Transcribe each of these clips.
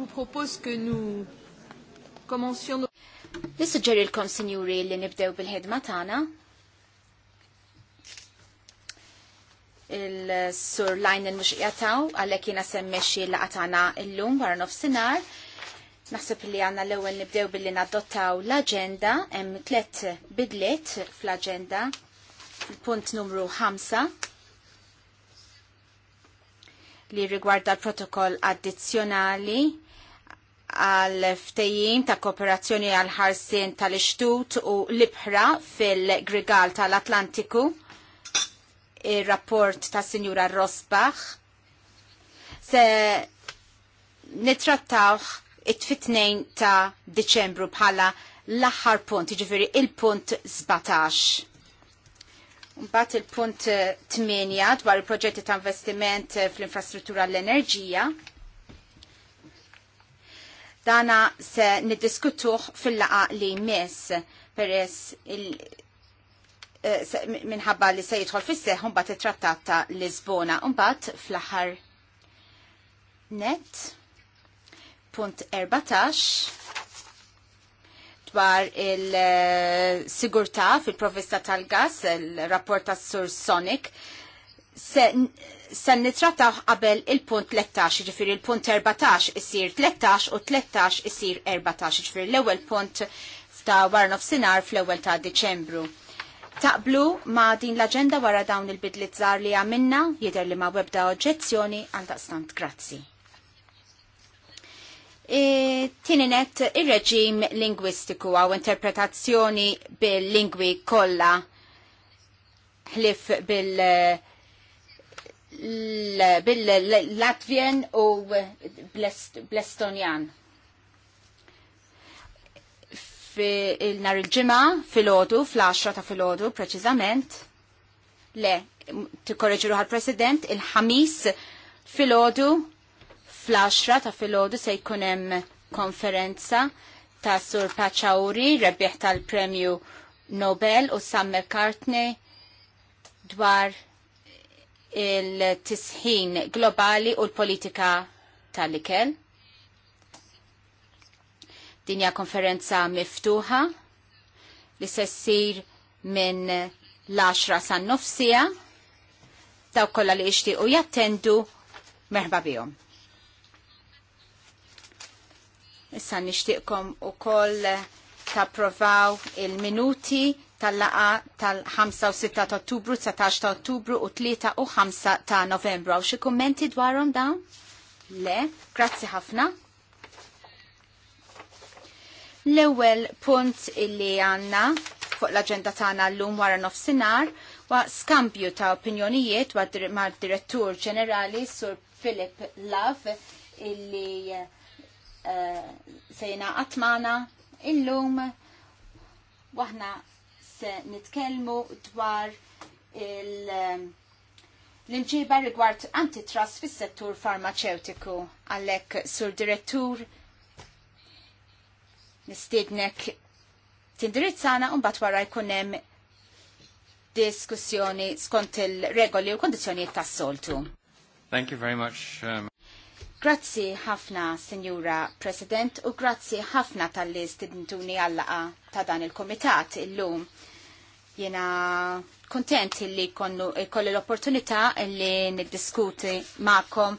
vous propose que nous commencions... li nibdew bil-ħidma tagħna. Il-sur Lajnen mhux jataw, għalhekk jiena semmexxi laqgħa tagħna llum wara nofsinhar. Naħseb li għandna l-ewwel nibdew billi nadottaw l-aġenda hemm tlet bidlet fl-aġenda. Punt numru 5 li rigwarda l-protokoll addizzjonali għal ftejjim ta' kooperazzjoni għal ħarsien tal-ixtut u l-ibħra fil-Grigal tal-Atlantiku, il-rapport ta' Sinjura Rosbach. Se nitrattawħ it-fitnejn ta' Deċembru bħala l-aħħar punt, ġifiri il-punt 17. Mbagħad il-punt 8 dwar il-proġetti ta' investiment fl-infrastruttura l-enerġija Dana se niddiskutuh fil-laqa li mis peress il eh, minħabba li se jidħol fis-seħ mbagħad it-trattat ta' Lisbona. Mbagħad fl-aħħar net punt 14 dwar il-sigurtà eh, fil-provista tal-gas, il-rapport tas Sur Sonic se nitrataħ qabel il-punt 13, ġifiri il-punt 14 isir 13 u 13 isir 14, ġifiri l-ewel punt ta' warnof sinar fl-ewel ta' Deċembru. Taqblu ma' din l-agenda wara dawn il bidli zar li għamilna, jider li ma' webda oġġezzjoni għal stant grazzi. E, Tininet il-reġim lingwistiku għaw interpretazzjoni bil-lingwi kolla ħlif bil- lingwi bil latvien u eh, bl-Estonjan. Il-nar il ġima fil-ħodu, fl axra ta' fil-ħodu, preċizament, le, t-korreġi ruħal president, il-ħamis fil-ħodu, fl-10 ta' fil-ħodu se jkunem konferenza ta' Sur Paċawri, rebbieħ tal-Premju Nobel u Sam McCartney dwar il-tisħin globali u l-politika tal-ikel. Dinja konferenza miftuħa li se ssir minn l-10 san nofsija daw kolla li u jattendu merħba bijom. Issa nixtiqkom u koll ta' provaw il-minuti tal-laqa tal-5 u 6 ta' ottubru, 19 ta' ottubru u 3 u 5 ta' novembru. Għaw xie kommenti dwarom dawn? Le, grazzi ħafna. L-ewel punt illi għanna fuq l-agenda tagħna l-lum wara nofsinhar wa skambju ta' opinjonijiet ma' direttur ġenerali Sur Philip Love illi uh, sejna għatmana illum waħna se nitkellmu dwar ehm, l-imġiba rigward antitrust fis-settur farmaceutiku għalhekk sur direttur nistidnek tindirizzana un bat wara jkun hemm diskussjoni skont il-regoli u kondizzjonijiet tas-soltu. Thank you very much. Um... Grazzi ħafna, Sinjura President, u grazzi ħafna tal-li stidintuni għallaqa ta' dan il-komitat illum. Jena kontent li konnu kolli l-opportunità li niddiskuti ma'kom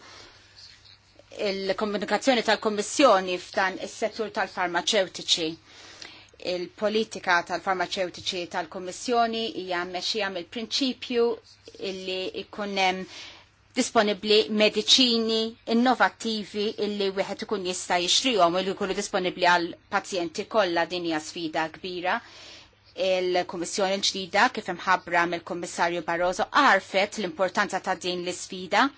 il-komunikazzjoni tal-Kommissjoni f'dan is-settur tal-farmaceutiċi. Il-politika tal-farmaceutiċi tal-Kommissjoni hija mmexxija mill-prinċipju illi ikun hemm disponibli mediċini innovattivi illi wieħed ikun jista' jixtrihom u li jkunu disponibbli għal pazjenti kollha din hija sfida kbira il-Kommissjoni l-ġdida kif imħabbra mill-Kommissarju Barroso għarfet l-importanza ta' din l-sfida.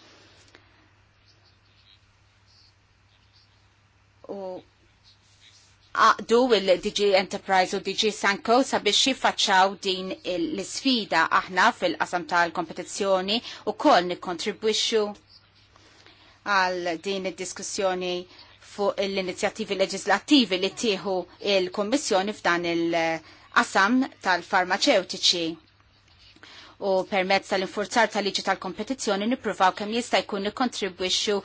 U għaqdu il-DG Enterprise u DG Sanko sabiex jiffaċċaw din l-sfida aħna fil-qasam tal-kompetizzjoni u koll nikkontribwixxu għal din id-diskussjoni fuq l-inizjattivi leġislattivi li tieħu il-Kommissjoni f'dan il-, -il qasam tal-farmaceutiċi u permezz tal-infurzar tal-liġi tal-kompetizzjoni nippruvaw kemm jista' jkun nikkontribwixxu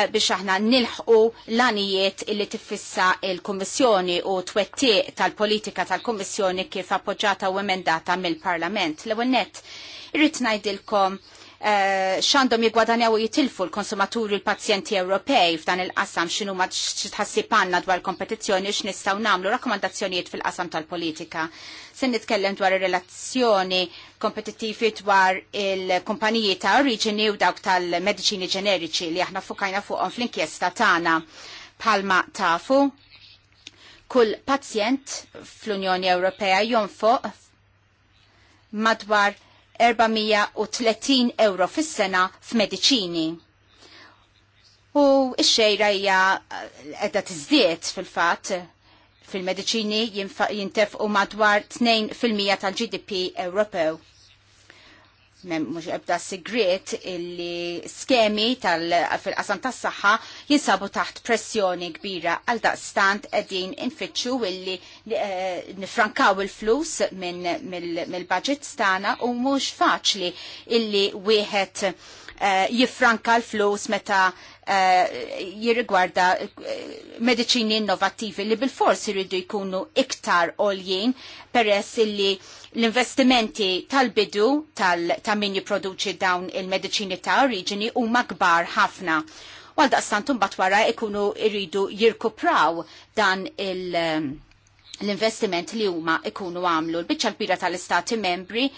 eh, biex aħna nilħqu l-anijiet illi tiffissa il-Kummissjoni u twettiq tal-politika tal-Kummissjoni kif appoġġata u emendata mill-Parlament. L-ewwel nett irrid ngħidilkom Eh, xandom jigwadanjaw u jitilfu l-konsumaturi l-pazjenti Ewropej f'dan il-qasam xinu ma xitħassib għanna dwar kompetizjoni x'nistgħu namlu rakkomandazzjonijiet fil-qasam tal-politika. Se nitkellem dwar ir-relazzjoni kompetittivi dwar il-kumpaniji ta' oriġini u dawk tal medicini ġeneriċi li aħna fukajna fuqhom fl-inkjesta tagħna palma tafu. Kull pazjent fl-Unjoni Ewropea jonfoq madwar 430 euro fis-sena f'mediċini. U x-xejra hija qiegħda eh, tiżdied fil-fatt fil-mediċini jintefqu madwar 2% tal-GDP Ewropew mux ebda sigriet illi skemi tal fil-qasam tas saħħa jinsabu taħt pressjoni kbira għal daqstant edin infittxu illi eh, nifrankaw il-flus minn mill-budget stana u mux faċli illi wieħed eh, jifranka l-flus meta Eh, jirrigwarda eh, medicini innovativi li bil-fors jiridu jkunu iktar oljien peress li l-investimenti tal-bidu tal min jipproduċi dawn il-mediċini ta' oriġini u magbar ħafna. Għal s-santum wara ikunu jiridu jirkupraw dan il- eh, l-investiment li huma ikunu għamlu l-bicċa kbira tal-istati membri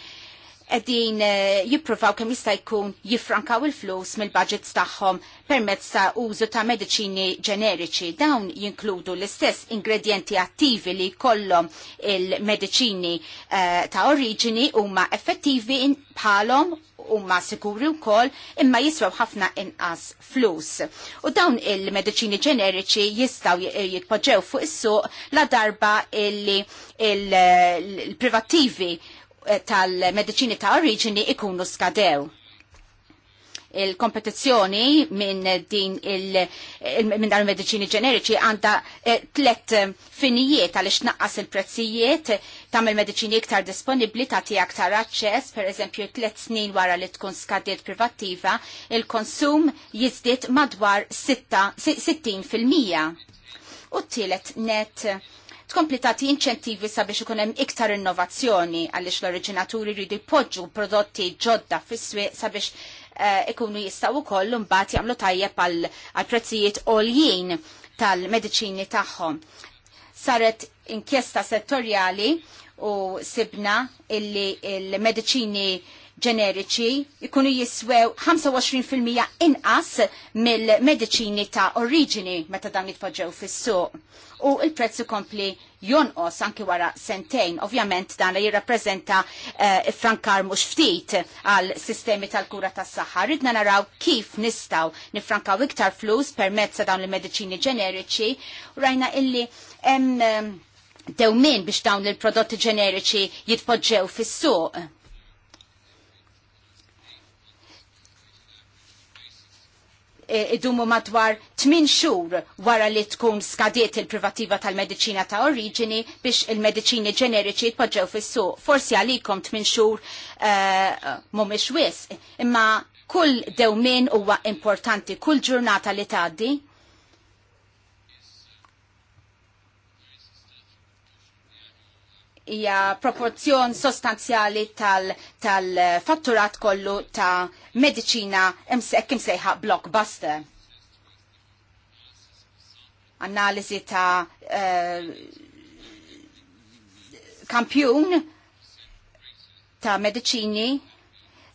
edin eh, jipprovaw kem jista' jkun jifrankaw il-flus mill-budgets tagħhom permezz ta' użu ta' mediċini ġeneriċi. Dawn jinkludu l-istess ingredienti attivi li kollom il-mediċini uh, ta' oriġini huma effettivi bħalhom huma sikuri wkoll imma jiswew ħafna inqas flus. U dawn il-mediċini ġeneriċi jistgħu jitpoġġew fuq is-suq la darba il-privattivi il, il, il privattivi Eh, tal-medicini ta' oriġini ikunu skadew il-kompetizzjoni minn din il, il minn dan il-medicini ġeneriċi għanda eh, tlet eh, finijiet għal naqqas il-prezzijiet tam il-medicini iktar disponibli ta' ti aktar aċċess, per eżempju tlet snin wara li tkun skadiet privattiva, il-konsum jizdiet madwar 60%. U t-tielet net tkompli tagħti inċentivi sabiex ikun hemm iktar innovazzjoni għaliex l originaturi jridu jpoġġu prodotti ġodda fis-swieq sabiex eh, ikunu jistgħu wkoll mbagħad jagħmlu tajjeb għal prezzijiet għoljien tal-mediċini tagħhom. Saret inkjesta settorjali u sibna illi il-mediċini ġeneriċi ikunu jiswew 25% inqas mill-mediċini ta' oriġini meta dan jitpoġġew fis-suq u il-prezz ikompli jonqos anki wara sentejn. Ovvjament dan jirrappreżenta uh, eh, frankar mhux ftit għal sistemi tal-kura tas-saħħa. Ridna naraw kif nistgħu nifrankaw iktar flus permezza dawn il-mediċini ġeneriċi u rajna illi hemm eh, dewmin biex dawn il-prodotti ġeneriċi jitpoġġew fis-suq E, idumu madwar 8 xhur wara li tkun skadiet il-privativa tal-mediċina ta' oriġini biex il-mediċini ġeneriċi jitpoġġew fis-suq. Forsi għalikom 8 xhur e, mhumiex wisq, imma kull dewmin huwa importanti, kull ġurnata li tgħaddi hija proporzjon sostanzjali tal-fatturat tal kollu ta' medicina imsek imsejħa blockbuster. Analizi ta' uh, kampjun ta' medicini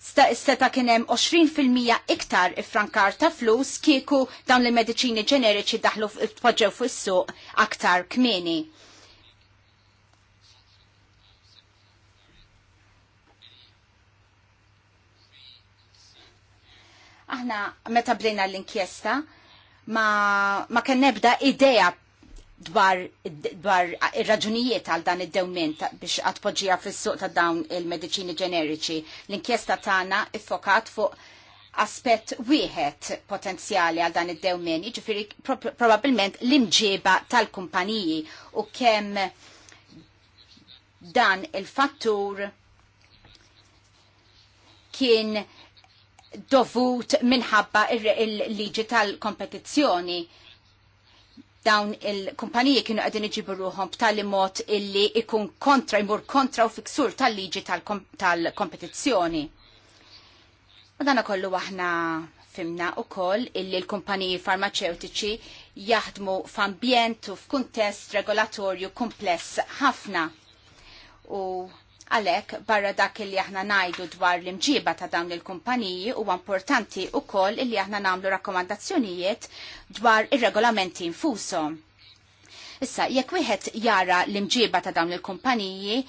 seta kienem 20% iktar ifrankar ta' flus kieku dawn li medicini ġeneriċi daħlu tpoġġew fuq is-suq aktar kmieni Aħna meta bdejna l-inkjesta ma, ma kien nebda idea dwar, dwar ir-raġunijiet għal dan id-dewmin biex għatpoġija fis-suq ta' dawn il medicini ġeneriċi. L-inkjesta tagħna iffokat fuq aspett wieħed potenzjali għal dan id-dewmin, jiġifieri probabbilment l-imġiba tal-kumpaniji u kemm dan il-fattur kien dovut minħabba il-liġi tal-kompetizzjoni dawn il-kumpaniji kienu għadin iġibu ruħom b'tali mod illi ikun kontra, imur kontra u fiksur tal-liġi tal-kompetizzjoni. U dana kollu aħna fimna u koll illi l-kumpaniji farmaceutiċi jaħdmu f'ambjent u f'kuntest regolatorju kompless ħafna. U Għalek, barra dak li aħna najdu dwar l-imġiba ta' dawn il-kumpaniji u importanti u koll li aħna namlu rakkomandazzjonijiet dwar il-regolamenti infusom. Issa, jekk wieħed jara l-imġiba ta' dawn il-kumpaniji,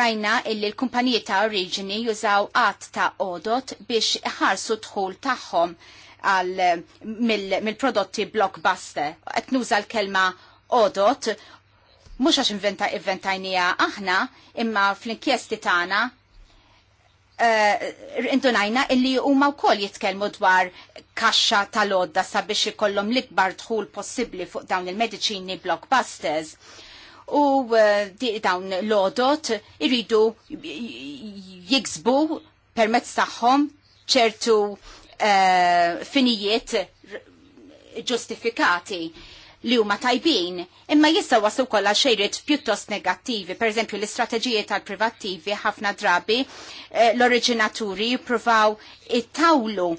rajna illi l-kumpaniji ta' oriġini jużaw għat ta' odot biex ħarsu tħul tagħhom mill-prodotti mil blockbuster. Qed nuża l-kelma odot mhux għax inventa inventajnija aħna, imma fl-inkjesti tagħna uh, illi huma wkoll jitkellmu dwar kaxxa tal-odda sabiex ikollhom l-ikbar dħul possibbli fuq dawn il-mediċini blockbusters u uh, dawn l-odot iridu jiksbu permezz tagħhom ċertu uh, finijiet ġustifikati li huma tajbin, imma jista' wasu kollha xejriet pjuttost negattivi, pereżempju l-istrateġiji tal-privattivi ħafna drabi eh, l-oriġinaturi jippruvaw ittawlu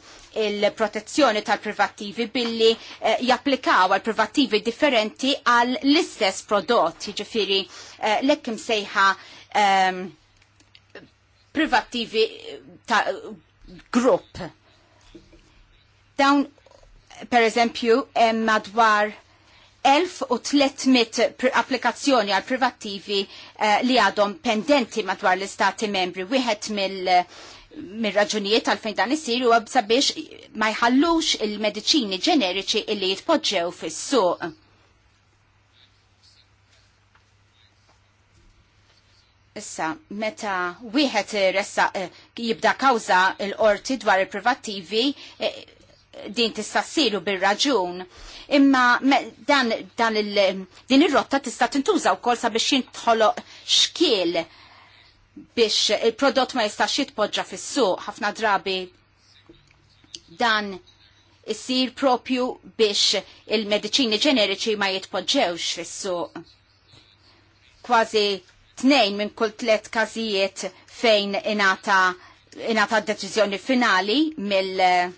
il-protezzjoni tal-privattivi billi eh, japplikaw għal privattivi differenti għal l-istess prodott, ġifiri eh, lekkim sejħa ehm, eh, privattivi ta' grupp. Dawn, per eżempju, eh, madwar 1300 applikazzjoni għal privattivi eh, li għadhom pendenti madwar l-istati membri. Wieħed mill- mir raġunijiet għalfejn dan isir huwa sabiex ma jħallux il-mediċini ġeneriċi li jitpoġġew fis-suq. Issa, meta wieħed ressa eh, jibda kawża l-qorti dwar il-privattivi, eh, din tista' ssiru bir-raġun. Imma dan, dan il, din ir-rotta tista' tintuża wkoll sabiex jintħoloq xkiel biex il-prodott ma jistax jitpoġġa fis-suq ħafna drabi dan isir propju biex il-mediċini ġeneriċi ma jitpoġġewx fis-suq. Kważi tnejn minn kull tliet każijiet fejn inata inata deċiżjoni finali mill-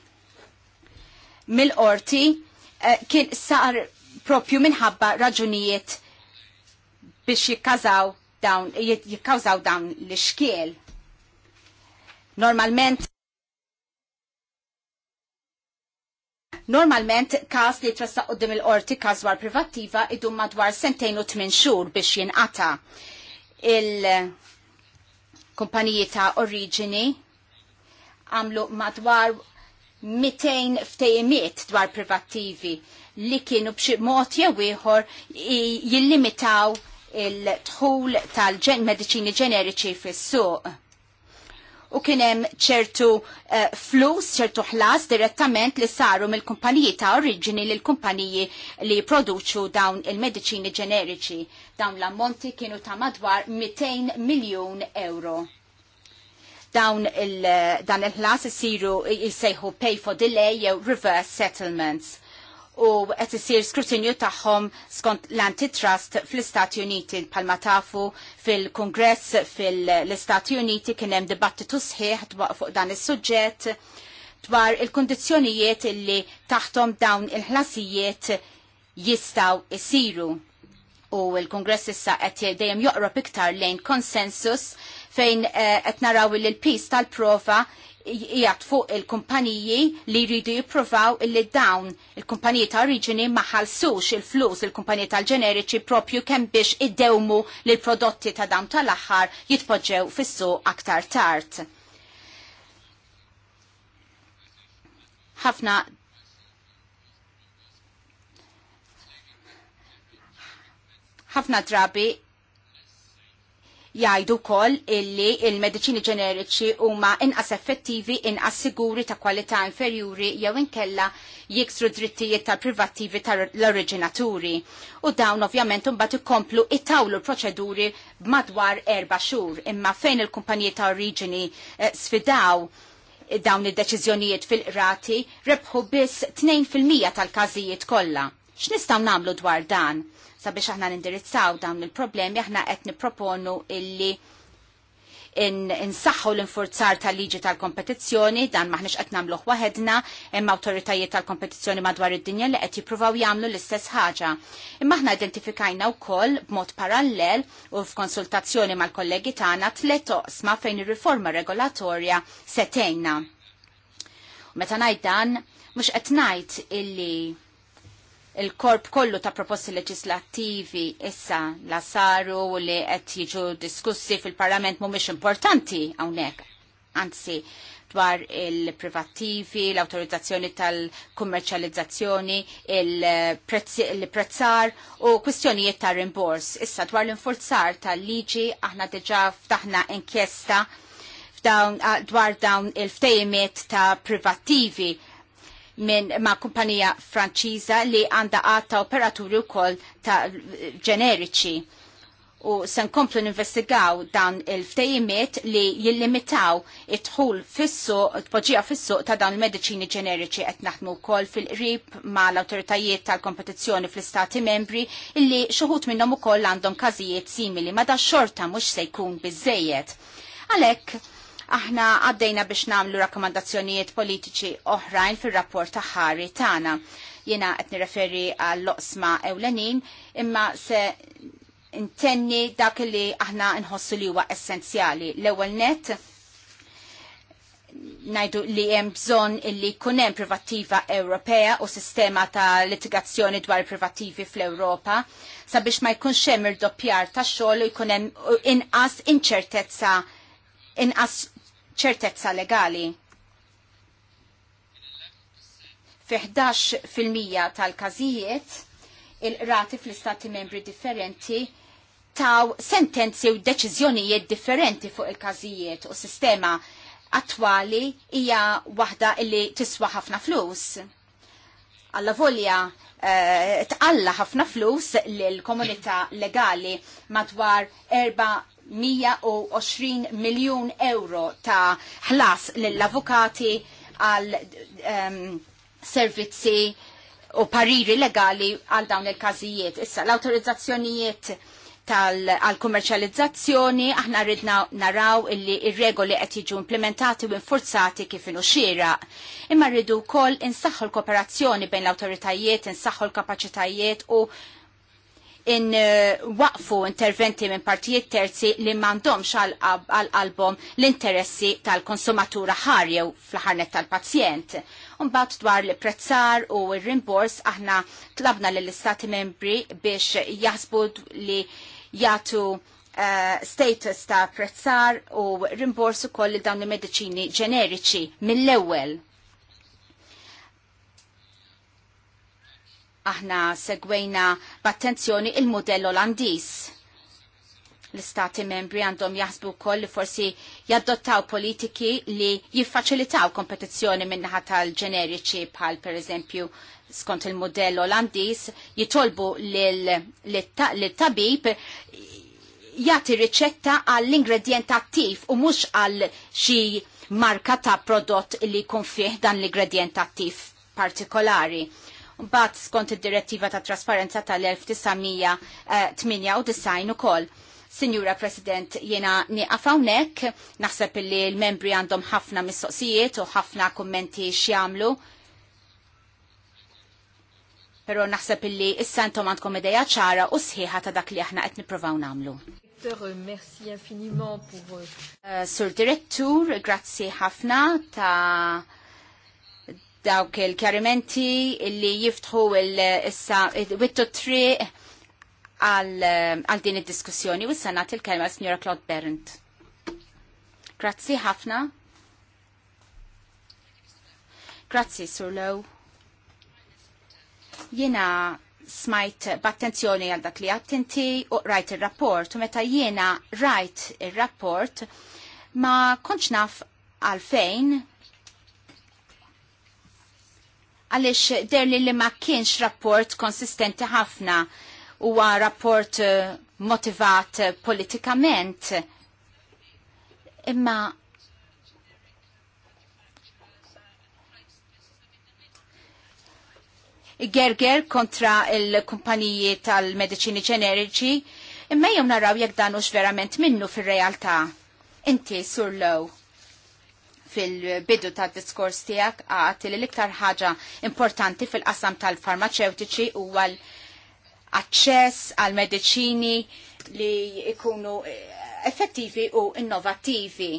mill-qorti eh, kien sar propju minħabba raġunijiet biex jikkażaw dawn, jikkawżaw dawn l-xkiel. Normalment Normalment, kas li trassa qoddim il-qorti każwar privattiva idum madwar sentejn u tmin xhur biex jinqata il-kumpaniji ta' oriġini għamlu madwar 200 ftejimiet dwar privattivi li kienu b'xi mod jew ieħor jillimitaw il-tħul tal-mediċini ġeneriċi fis-suq u kienem ċertu eh, flus, ċertu ħlas direttament li saru mill-kumpaniji ta' oriġini l kumpaniji li produċu dawn il-medicini ġeneriċi. Dawn l-ammonti kienu ta' madwar 200 miljon euro dawn il, dan il-ħlas isiru jissejħu pay for delay jew reverse settlements u qed isir skrutinju tagħhom skont l-antitrust fl-Istati Uniti palma tafu fil-Kongress fil-Istati Uniti kien hemm dibattitu sħiħ fuq dan is-suġġett dwar il kundizzjonijiet illi taħtom dawn il-ħlasijiet jistaw isiru. U l kongress issa qed dejjem joqrob iktar lejn konsensus fejn eh, qed naraw li l-pis tal-prova jgħat fuq il-kumpaniji li jridu jipprovaw illi dawn il-kumpaniji ta' oriġini maħalsux il-flus il-kumpaniji tal-ġeneriċi propju kemm biex iddewmu li l-prodotti ta' dawn tal-aħħar jitpoġġew fis-suq aktar tard. ħafna ħafna drabi jajdu kol illi il-medicini ġeneriċi huma inqas effettivi, inqas siguri ta' kwalità inferjuri jew inkella jiksru drittijiet tal-privattivi tal-oriġinaturi. U dawn ovvjament imbagħad ikomplu ittawlu proċeduri madwar erba' xhur, imma fejn il-kumpaniji ta' oriġini eh, sfidaw dawn id-deċiżjonijiet fil-qrati rebħu biss 2% tal-każijiet kollha. X'nistgħu nagħmlu dwar dan? sabiex aħna nindirizzaw dawn il-problemi aħna qed nipproponu illi insaħħu in l-infurzar tal-liġi tal-kompetizzjoni, dan maħniex qed nagħmluh waħedna, imma awtoritajiet tal-kompetizzjoni madwar id-dinja li qed jippruvaw jagħmlu l-istess ħaġa. Imma aħna identifikajna wkoll b'mod parallel u f'konsultazzjoni mal-kollegi tagħna tliet toqsma fejn ir-riforma regolatorja setejna. Meta ngħid dan, mhux qed ngħid illi il-korp kollu ta' proposti leġislattivi issa la saru li qed jiġu diskussi fil-Parlament mhumiex importanti hawnhekk. Anzi, dwar il-privattivi, l-autorizzazzjoni tal-kummerċializzazzjoni, il-prezzar u kwistjonijiet ta' rimbors. Issa dwar l-infurzar tal-liġi aħna diġà ftaħna inkjesta dwar dawn il-ftejmiet ta' privattivi minn ma' kumpanija Franċiża li għandha għata operaturi wkoll ta' ġeneriċi u sen komplu investigaw dan il-ftejimiet li jillimitaw it-tħul fissu, t-poġija fissu ta' dan il-medicini ġeneriċi qed naħdmu kol fil-qrib ma' l-autoritajiet tal-kompetizzjoni fl-istati membri illi xuħut minnom u koll għandhom kazijiet simili ma' da' xorta mux se jkun bizzejiet. Għalek, Aħna għaddejna biex namlu rakkomandazzjonijiet politiċi oħrajn fil-rapport ta' ħari tagħna. Jiena qed nirreferi għall-loqsma ewlenin imma se intenni dak li aħna nħossu li huwa essenzjali. L-ewwel net najdu li hemm bżonn illi jkun hemm privattiva Ewropea u sistema ta' litigazzjoni dwar privattivi fl-Ewropa sabiex ma jkunx hemm irdoppjar ta' xogħol u jkun hemm inqas inċertezza inqas ċertezza legali. Fi 11% tal-każijiet il-rati fl-istati membri differenti taw sentenzi u deċiżjonijiet differenti fuq il-każijiet u sistema attwali hija waħda li tiswa ħafna flus. Alla volja eh, tqalla ħafna flus l-komunità legali madwar 4 120 miljon euro ta' ħlas lill-avukati għal um, servizzi u pariri legali għal dawn il-każijiet. Issa l-autorizzazzjonijiet tal kommerċalizzazzjoni aħna ridna naraw illi ir-regoli qed jiġu implementati u infurzati kif inhu xira. Imma rridu wkoll insaħħu l-kooperazzjoni bejn l-awtoritajiet, insaħħu l-kapaċitajiet u in uh, waqfu interventi minn partijiet terzi li xal għal-album l-interessi tal-konsumatura ħarjew fl-ħarnet tal-pazjent. Unbat dwar li prezzar u il-rimbors aħna tlabna l-istati membri biex jasbu li jatu Uh, status ta' prezzar u rimbors ukoll dawn il-mediċini ġeneriċi mill-ewwel Aħna segwejna b'attenzjoni il-modell Olandiż. L-istati membri għandhom jaħsbu wkoll li forsi jaddottaw politiki li jiffaċilitaw kompetizzjoni minnaħa tal-ġeneriċi bħal per eżempju skont il-modell Olandiż jitolbu l-tabib jati riċetta għall-ingredient attiv u mux għal xi marka ta' prodott li kun fih dan l-ingredient attiv partikolari mbagħad skont id-direttiva ta' trasparenza tal-1998 ukoll. Signora President, jena nieqaf hawnhekk, naħseb li l-membri għandhom ħafna mistoqsijiet u ħafna kummenti x'jagħmlu. Pero naħseb illi issa intom għandkom ideja ċara u sħiħa ta' dak li aħna qed nippruvaw nagħmlu. Euh, merci infiniment pour... Uh, Sur Direttur, grazzi ħafna ta' dawk il karimenti li jiftħu il-wittu triq għal din id-diskussjoni u s-sanat il-kelma signora Claude Berndt. Grazzi ħafna. Grazzi, Surlo. Jena smajt b'attenzjoni għal dak li għattinti u rajt il-rapport u meta jiena rajt il-rapport ma konċnaf naf għalfejn għalix derli li ma kienx rapport konsistenti ħafna u rapport eh, motivat eh, politikament. Imma gerger kontra il-kumpaniji tal-medicini ġeneriċi, imma jom naraw jek dan verament minnu fil-realtà. Inti, Sur Low fil-bidu ta' diskors tijak għat li l-iktar ħaġa importanti fil-qasam tal-farmaceutiċi u għal access għal medicini li ikunu eh, effettivi u innovativi.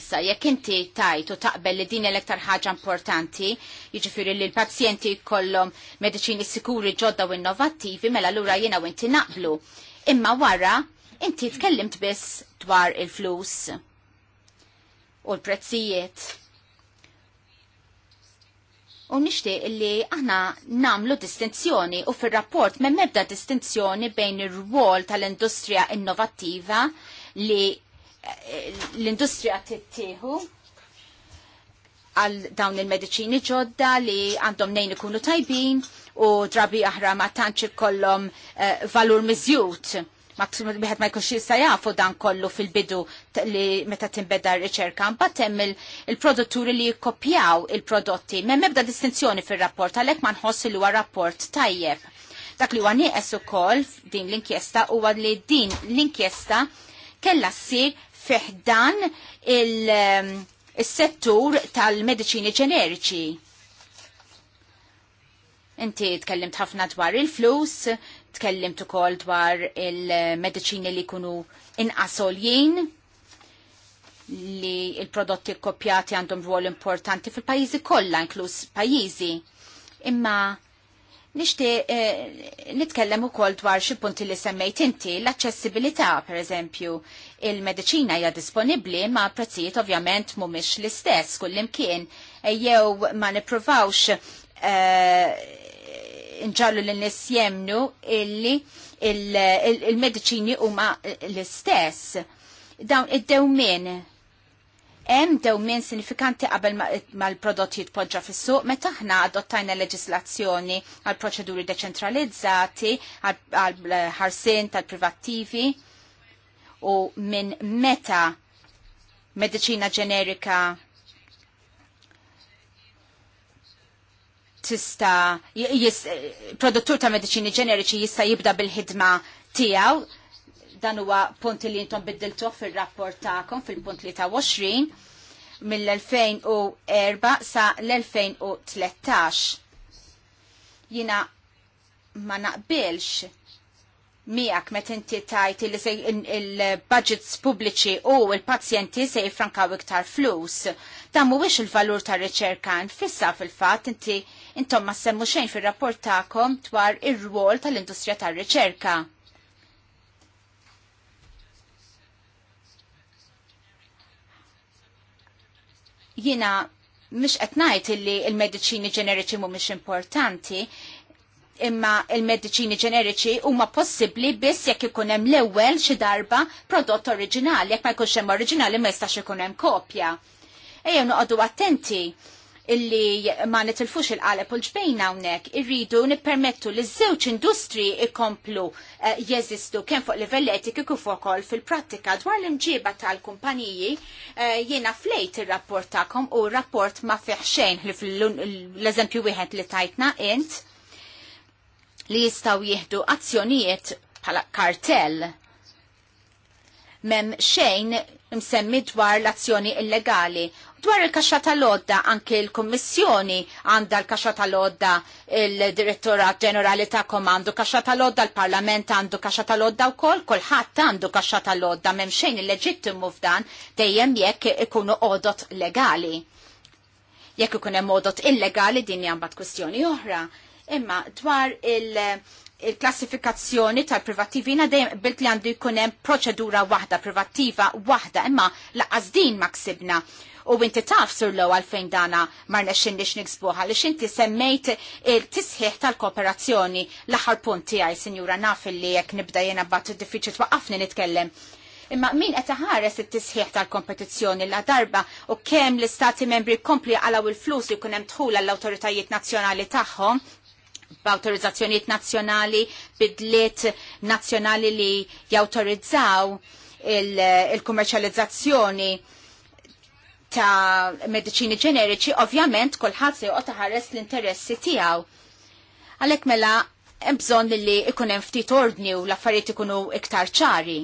Issa, jekk inti tajt u taqbel li din l-iktar ħaġa importanti, jiġifieri li l-pazjenti kollom mediċini sikuri ġodda u innovattivi, mela l-ura jiena u inti naqblu. Imma wara, inti tkellimt biss dwar il-flus u l-prezzijiet. U nixtieq li aħna namlu distinzjoni u fir-rapport m'hemm ebda distinzjoni bejn ir-rwol tal-industrija innovattiva li eh, l-industrija tittieħu għal dawn il-medicini ġodda li għandhom nejn ikunu tajbin u drabi aħra ma tantx ikollhom eh, valur miżjut Biħed ma jkunx jista jafu dan kollu fil-bidu li meta timbeda r-riċerka, mbagħad hemm il-produtturi li jikkopjaw il-prodotti. M'hemm ebda distinzjoni fir-rapport għalhekk ma nħossi li huwa rapport tajjeb. Dak li huwa nieqes ukoll din l-inkjesta huwa li din l-inkjesta kellha ssir fiħdan il-settur tal-mediċini ġeneriċi. Inti tkellimt ħafna dwar il-flus, tkellimt ukoll dwar il-mediċini li jkunu inqasoljien li il-prodotti kopjati għandhom rwol importanti fil-pajjiżi kollha inkluż pajjiżi. Imma nixti eh, nitkellem ukoll dwar xi punti li semmejt inti l-aċċessibilità pereżempju il-mediċina hija disponibbli ma' prezzijiet ovvjament mhumiex l-istess kullimkien e jew ma nippruvawx eh, nġallu l-nis jemnu illi il-medicini huma l-istess. Dawn id-dewmin Hemm dewmien sinifikanti qabel mal-prodott jitpoġġa fis-suq meta aħna adottajna leġislazzjoni għal proċeduri deċentralizzati għal ħarsin tal-privattivi u minn meta mediċina ġenerika tista produttur ta' mediċini ġeneriċi jista' jibda bil-ħidma tiegħu dan huwa punt li intom biddiltuħ fir-rapport tagħkom fil-punt li ta' 20 mill-2004 sa l-2013. Jina ma naqbilx miak meta inti tajt il-budgets pubbliċi u l-pazjenti se jifrankaw iktar flus. Dan mhuwiex il-valur ta' riċerka nfissa fil-fatt inti intom ma semmu xejn fir-rapport tagħkom dwar ir-rwol tal-industrija tar-riċerka. Jiena mhux qed ngħid illi l-mediċini ġeneriċi mhumiex importanti, imma il-mediċini ġeneriċi huma possibbli biss jekk ikun hemm l-ewwel xi darba prodott oriġinali, jekk ma jkunx hemm oriġinali ma jistax ikun hemm kopja ejja noqogħdu attenti illi ma nitilfux il-qalep u l-ġbejna unnek, irridu nippermettu li żewġ industri ikomplu eh, jeżistu kemm fuq livell etiku kif ukoll fil-prattika dwar l-imġiba tal-kumpaniji eh, jiena flejt ir-rapport tagħkom u r-rapport ma fih xejn l-eżempju wieħed li tajtna int li jistaw jieħdu azzjonijiet bħala kartell mem xejn msemmi dwar l-azzjoni illegali. Dwar il-kaxxa tal-odda, anke l-Kommissjoni għandha l-kaxxa tal-odda il-Direttorat Ġenerali ta' Komandu, kaxxa tal-odda l-Parlament għandu kaxa tal-odda wkoll, kulħadd għandu kaxxa tal-odda m'hemm il leġittim f'dan dejjem jekk ikunu odot legali. Jekk ikun hemm odot illegali din jambat mbagħad kwestjoni oħra. Imma dwar il- il-klassifikazzjoni tal privattivina dejjem bilt li għandu jkun hemm proċedura waħda privattiva waħda imma laqqas din ma ksibna. U inti taf sur low għalfejn dana marna xindix niksbuħa li xinti semmejt il-tisħiħ tal-kooperazzjoni l-aħħar punt tiegħi, sinjura naf li jekk nibda jena bat diffiċi twaqafni nitkellem. Imma min qed iħares it-tisħiħ tal-kompetizzjoni la darba u kemm l-istati membri kompli għalaw il-flus li jkun hemm tħul għall-awtoritajiet nazzjonali tagħhom b'autorizzazzjonijiet nazzjonali, bidliet nazzjonali li jawtorizzaw il kommerċalizzazzjoni ta' mediċini ġeneriċi, ovvjament kulħadd se joqgħod taħares l-interessi tiegħu. Għalhekk mela hemm bżonn li ikun hemm ftit ordni u l-affarijiet ikunu iktar ċari.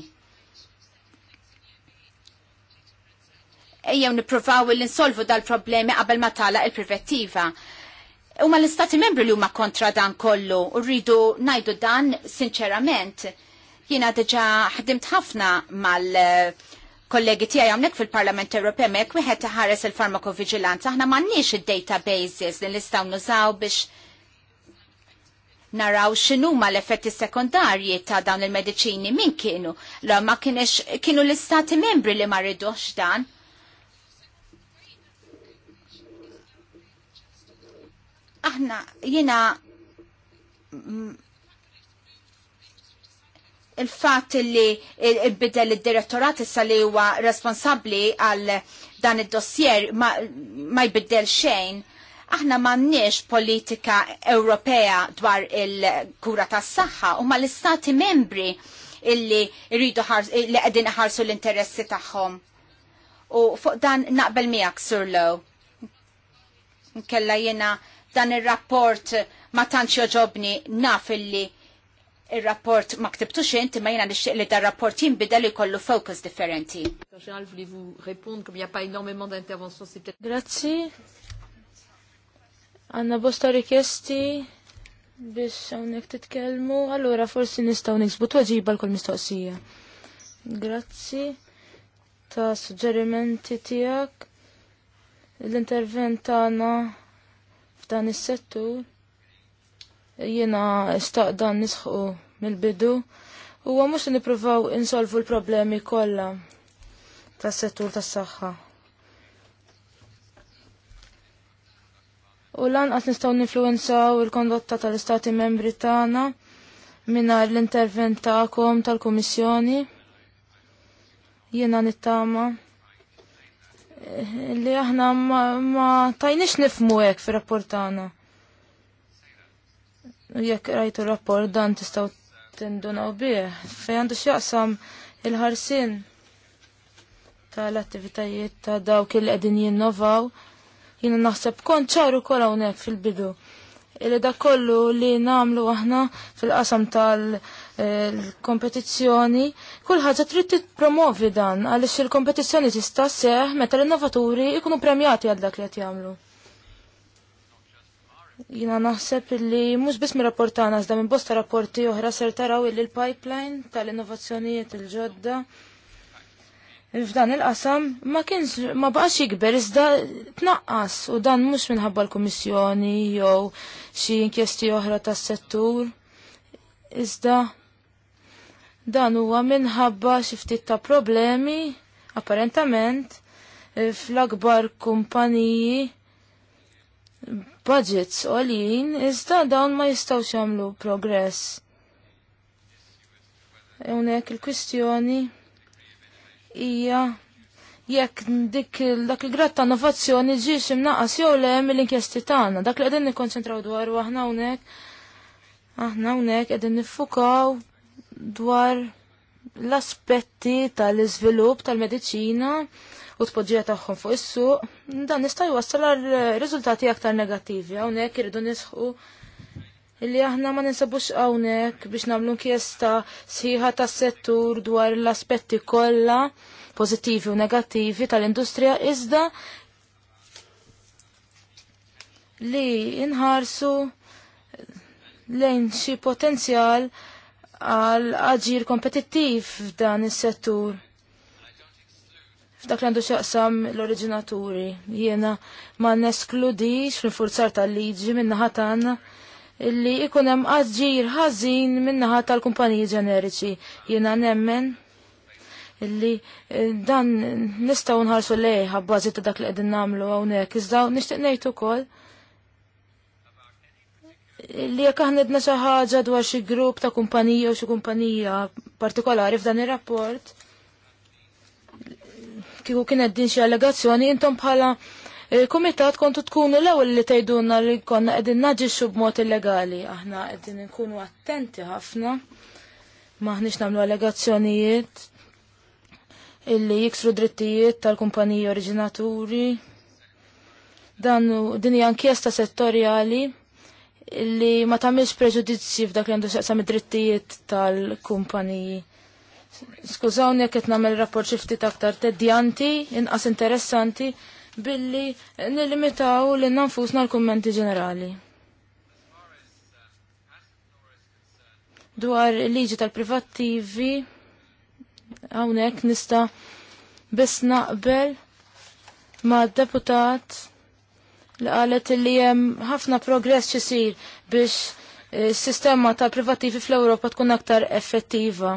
Ejjew nippruvaw li insolvu dal-problemi qabel ma tala il-privettiva ma l-istati membri li huma kontra dan kollu, u rridu ngħidu dan sinċerament. Jiena diġà ħdimt ħafna mal- kollegi tiegħi hawnhekk fil-Parlament Ewropew mek wieħed iħares il-farmakovigilanza aħna m'għandniex id-databases li nistgħu nużaw biex naraw x'inhuma l-effetti sekondarji ta' dawn il-mediċini min kienu la ma kienx kienu l-istati membri li ma rridux dan. Aħna jiena mm, il-fat li bidel il-direttorat issa li huwa responsabli għal dan id-dossier ma, jbiddel xejn. Aħna m'għandniex politika Ewropea dwar il-kura tas-saħħa u ma l-istati membri illi rridu li qegħdin ħarsu l-interessi tagħhom. U fuq dan naqbel miegħek Sur Low. Nkella jiena dan il-rapport ma tantx joġobni naf illi il-rapport ma ktibtux inti ma jina nixtieq li dar rapport li kollu focus differenti. Grazzi. Għanna bosta rikesti biex hawnhekk titkellmu, allura forsi nistgħu niksbu tweġiba l-kol mistoqsija. Grazzi ta' suġġerimenti tiegħek. L-intervent tagħna F'dan is-settur jiena staqdan nisħu mill-bidu huwa mhux nippruvaw insolvu l-problemi kollha tas-settur tas-saħħa. U lanqas nistgħu ninfluwenzaw il-kondotta tal-Istati Membri tagħna mingħajr l-intervent tagħkom tal-Kummissjoni. Jiena nittama li aħna ma, ma tajnix nifmu hekk fir-rapportana. Jekk rajtu rapport dan tistgħu tindunaw bih fejn għandu x'jaqsam il-ħarsin tal-attivitajiet ta' dawk li qegħdin jinnovaw jiena naħseb kont ċaru kol hawnhekk fil-bidu. Illi da kollu li namlu aħna fil-qasam tal- l-kompetizzjoni, kull trid tippromovi dan għaliex il-kompetizzjoni tista' seħ meta l-innovaturi jkunu premjati għal dak li qed jagħmlu. Jina naħseb li mhux biss mirrapportana rapportana minn bosta rapporti oħra ser taraw illi l-pipeline tal-innovazzjonijiet il-ġodda f'dan il-qasam ma kienx ma baqax jikber iżda tnaqqas u dan mhux minħabba l-Kummissjoni jew xi inkjesti oħra tas-settur. Iżda Dan huwa minħabba xi ftit ta' problemi apparentament eh, fl-akbar kumpaniji budgets olin, iżda dawn ma jistawx jagħmlu progress. Hawnhekk il-kwistjoni hija jekk dik dak il-grad ta' innovazzjoni ġiex imnaqas jew le mill-inkjesti tagħna, dak li qegħdin nikkonċentraw dwar aħna hawnhekk aħna hawnhekk qegħdin niffukaw dwar l-aspetti tal-iżvilupp tal-mediċina u t tpoġġija tagħhom fuq is-suq, dan nista' jwassal għal riżultati aktar negattivi hawnhekk irridu nisħu illi aħna ma ninsabux hawnhekk biex nagħmlu nkjesta sħiħa tas-settur dwar l-aspetti kollha pożittivi u negattivi tal-industrija iżda li inħarsu lejn xi potenzjal għal aġir kompetittiv f'dan is-settur. F'dak li għandu xaqsam l-oriġinaturi. Jiena ma neskludix l forzar tal-liġi minna tagħna illi ikun hemm aġir ħażin minnaħa tal-kumpaniji ġeneriċi. Jiena nemmen illi eh, dan nistgħu nħarsu lejha bbażi ta' dak li qegħdin nagħmlu hawnhekk iżda nixtieq ngħid ukoll li jek aħna edna xi ħaġa dwar xi grupp ta' kumpanija u xi kumpanija partikolari f'dan ir-rapport kieku kien qed din xi allegazzjoni intom bħala eh, kumitat kontu tkunu l-ewwel li tgħidulna li konna qegħdin naġixxu b'mod illegali. Aħna qegħdin nkunu attenti ħafna maħniex nagħmlu allegazzjonijiet illi jiksru drittijiet tal-kumpaniji oriġinaturi dan din hija inkjesta settorjali li ma tamilx preġudizzi f'dak li għandu xaqsam id-drittijiet tal-kumpaniji. Skużawni jekk qed nagħmel rapport xi ftit aktar teddjanti, inqas interessanti, billi nilimitaw li nanfusna l-kummenti ġenerali. Dwar il-liġi tal-privattivi, hawnhekk nista' biss naqbel ma' deputat li qalet li hemm ħafna progress xisir biex eh, sistema ta' privativi fl-Ewropa tkun aktar effettiva.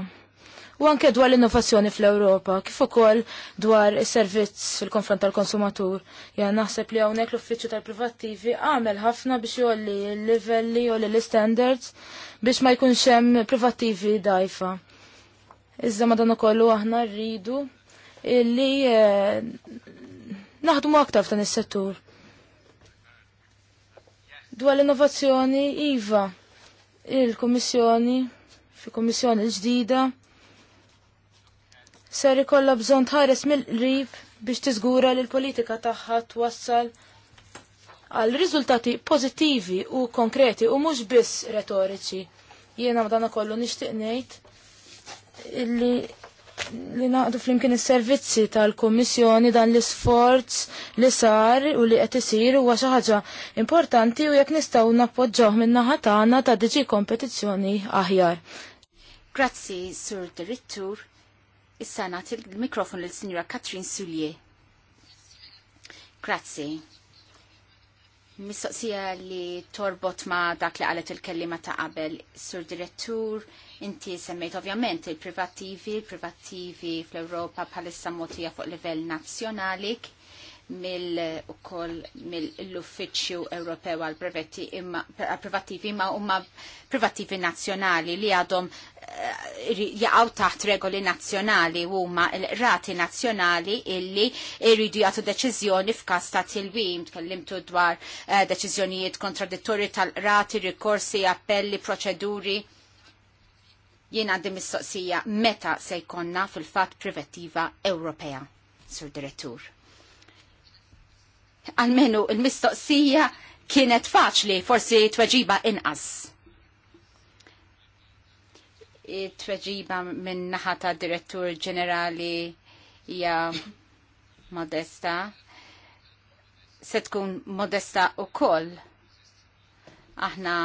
U anke dwar l-innovazzjoni fl-Ewropa, kif ukoll dwar is-servizz fil-konfront tal-konsumatur. Ja naħseb li hawnhekk l-uffiċċju tal-privattivi għamel ħafna biex jolli l-livelli u l-standards biex ma jkunx hemm privattivi dajfa. Iżda madan ukoll aħna rridu illi eh, naħdmu aktar f'dan is-settur Dwar l-innovazzjoni, IVA, il komissjoni fi Kommissjoni ġdida, ser ikolla bżon tħares mill-rib biex tiżgura li l-politika tagħha twassal għal riżultati pożittivi u konkreti u mhux biss retoriċi. Jiena madana kollu nixtieq ngħid illi li naqdu flimkien is-servizzi tal-Kummissjoni dan l-isforz li sar u li qed isir huwa xi ħaġa importanti u jekk nistgħu nappoġġaw min-naħa tagħna ta' diġi kompetizzjoni aħjar. Grazzi, Sur Direttur. Issa nagħti l-mikrofon lil Sinjura Katrin Sulje. Grazzi. Mistoqsija li torbot ma dak li għalet il-kellima ta' qabel, sur direttur, inti semmejt ovvjament il-privattivi, il-privattivi fl-Europa bħalissa motija fuq livell nazzjonali, mill-Uffiċċju Ewropew għal privattivi imma huma privattivi nazzjonali li għadhom eh, jaqgħu taħt regoli nazzjonali huma l-rati nazzjonali illi jridu jagħtu deċiżjoni f'każ ta' tilwim. Tkellimtu dwar eh, deċiżjonijiet kontradittorji tal-rati, rikorsi, appelli, proċeduri jien għandi mistoqsija meta se jkonna fil fatt privettiva Ewropea, Sur Direttur. Almenu il-mistoqsija kienet faċli forsi tweġiba inqas. Tweġiba minn naħa ta' direttur ġenerali hija modesta. Se tkun modesta u koll. Aħna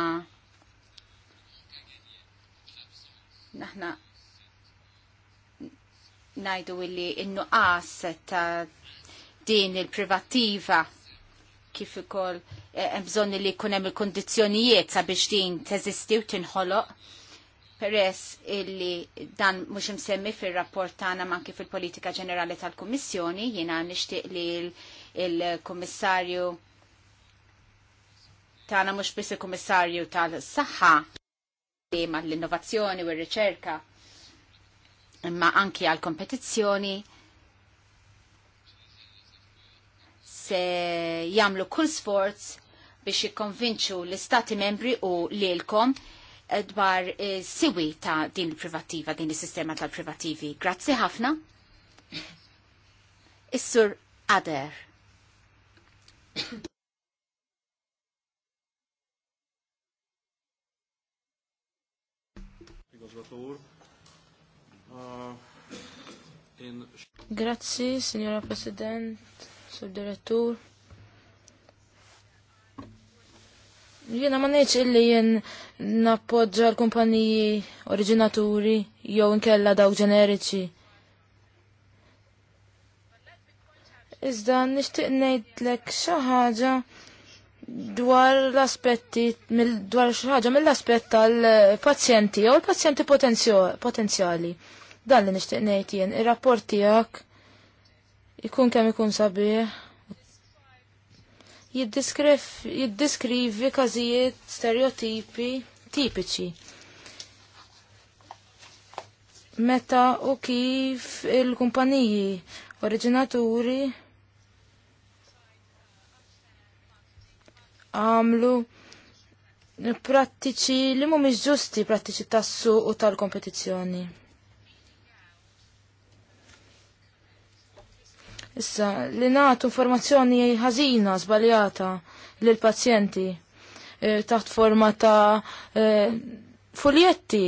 naħna najdu illi innuqas ta' din il-privattiva kif ukoll eh, hemm bżonn li jkun hemm il-kundizzjonijiet sabiex din teżisti u tinħoloq peress illi dan mhux imsemmi fir-rapport tagħna anke fil-politika ġenerali tal-Kummissjoni jiena nixtieq li l kummissarju tagħna mhux biss il-Kummissarju tal-Saħħa tema l-innovazzjoni u r-riċerka imma anki għal kompetizzjoni se jamlu kull sforz biex jikkonvinċu l-istati membri u lilkom eh, dwar eh, siwi ta' din il-privativa, din il-sistema tal-privativi. Grazzi ħafna. Is-sur Ader. Grazzi, signora President sur direttur. Jiena ma ngħidx illi jien nappoġġa l-kumpaniji oriġinaturi jew nkella dawk ġeneriċi. Iżda nixtieq ngħidlek xi ħaġa dwar l-aspetti dwar xi ħaġa mill-aspett tal-pazjenti jew l pazjenti potenzjali. Dan li nixtieq ngħid jien ir-rapport tiegħek ikun kemm ikun sabiħ. Jiddiskrivi każijiet stereotipi tipiċi. Meta u kif il-kumpaniji oriġinaturi għamlu prattiċi li mhumiex ġusti prattiċi tas-suq u tal-kompetizzjoni. Issa, li nagħtu informazzjoni ħażina, żbaljata lill pazjenti e, taħt forma ta' e, fuljetti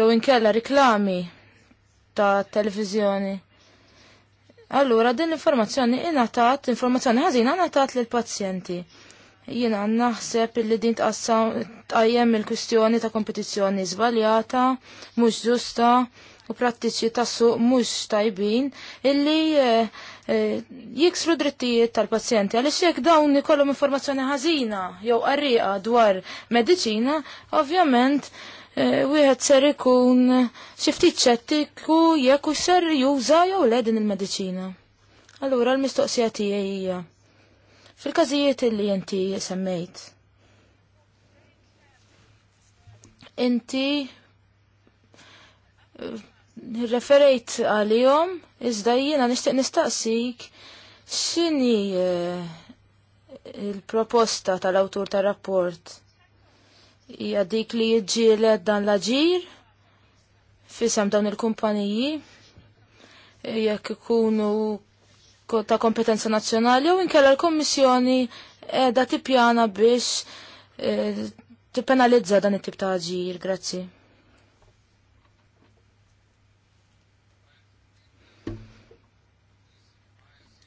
jew inkella riklami ta' televizjoni. Allura, din l-informazzjoni ingħatat, informazzjoni ħażina ingħatat lill pazjenti Jiena naħseb li din tqassam tqajjem il-kwistjoni ta' kompetizzjoni żbaljata, mhux ġusta, u prattiċi tassu mux mhux tajbin illi eh, eh, jiksru drittijiet tal-pazjenti għaliex jekk dawn ikollhom informazzjoni ħażina jew qarrieqa dwar mediċina, ovvjament eh, wieħed ser ikun xi ftit ċettiku jekk u ser juża jew le din il-mediċina. Allura l-mistoqsija tiegħi hija fil-każijiet illi inti semmejt. Inti nirreferejt għalihom iżda jiena nixtieq nistaqsik x'inhi eh, il-proposta tal-awtur tar-rapport hija dik li jiġġieled dan l-aġir fisem dawn il-kumpaniji eh, jekk ikunu ta' kompetenza nazzjonali u inkella l-Kommissjoni qiegħda tippjana biex tipenalizza eh, tippenalizza dan it-tip ta' aġir, grazzi.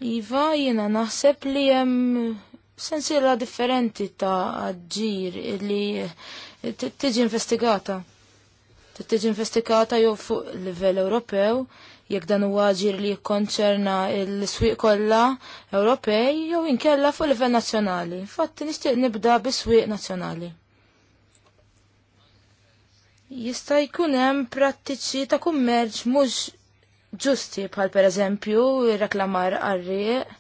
Iva, jina naħseb li jem sensiela differenti ta' ġir li tiġi investigata. Tiġi investigata jew fuq livell Ewropew, jekk dan huwa ġir li jikkonċerna l-swieq kollha Ewropej jew inkella fuq livell nazzjonali. Fatti nixtieq nibda bis-swieq nazzjonali. Jista' jkun hemm prattiċi ta' kummerċ mhux ġusti bħal per eżempju reklamar għarriq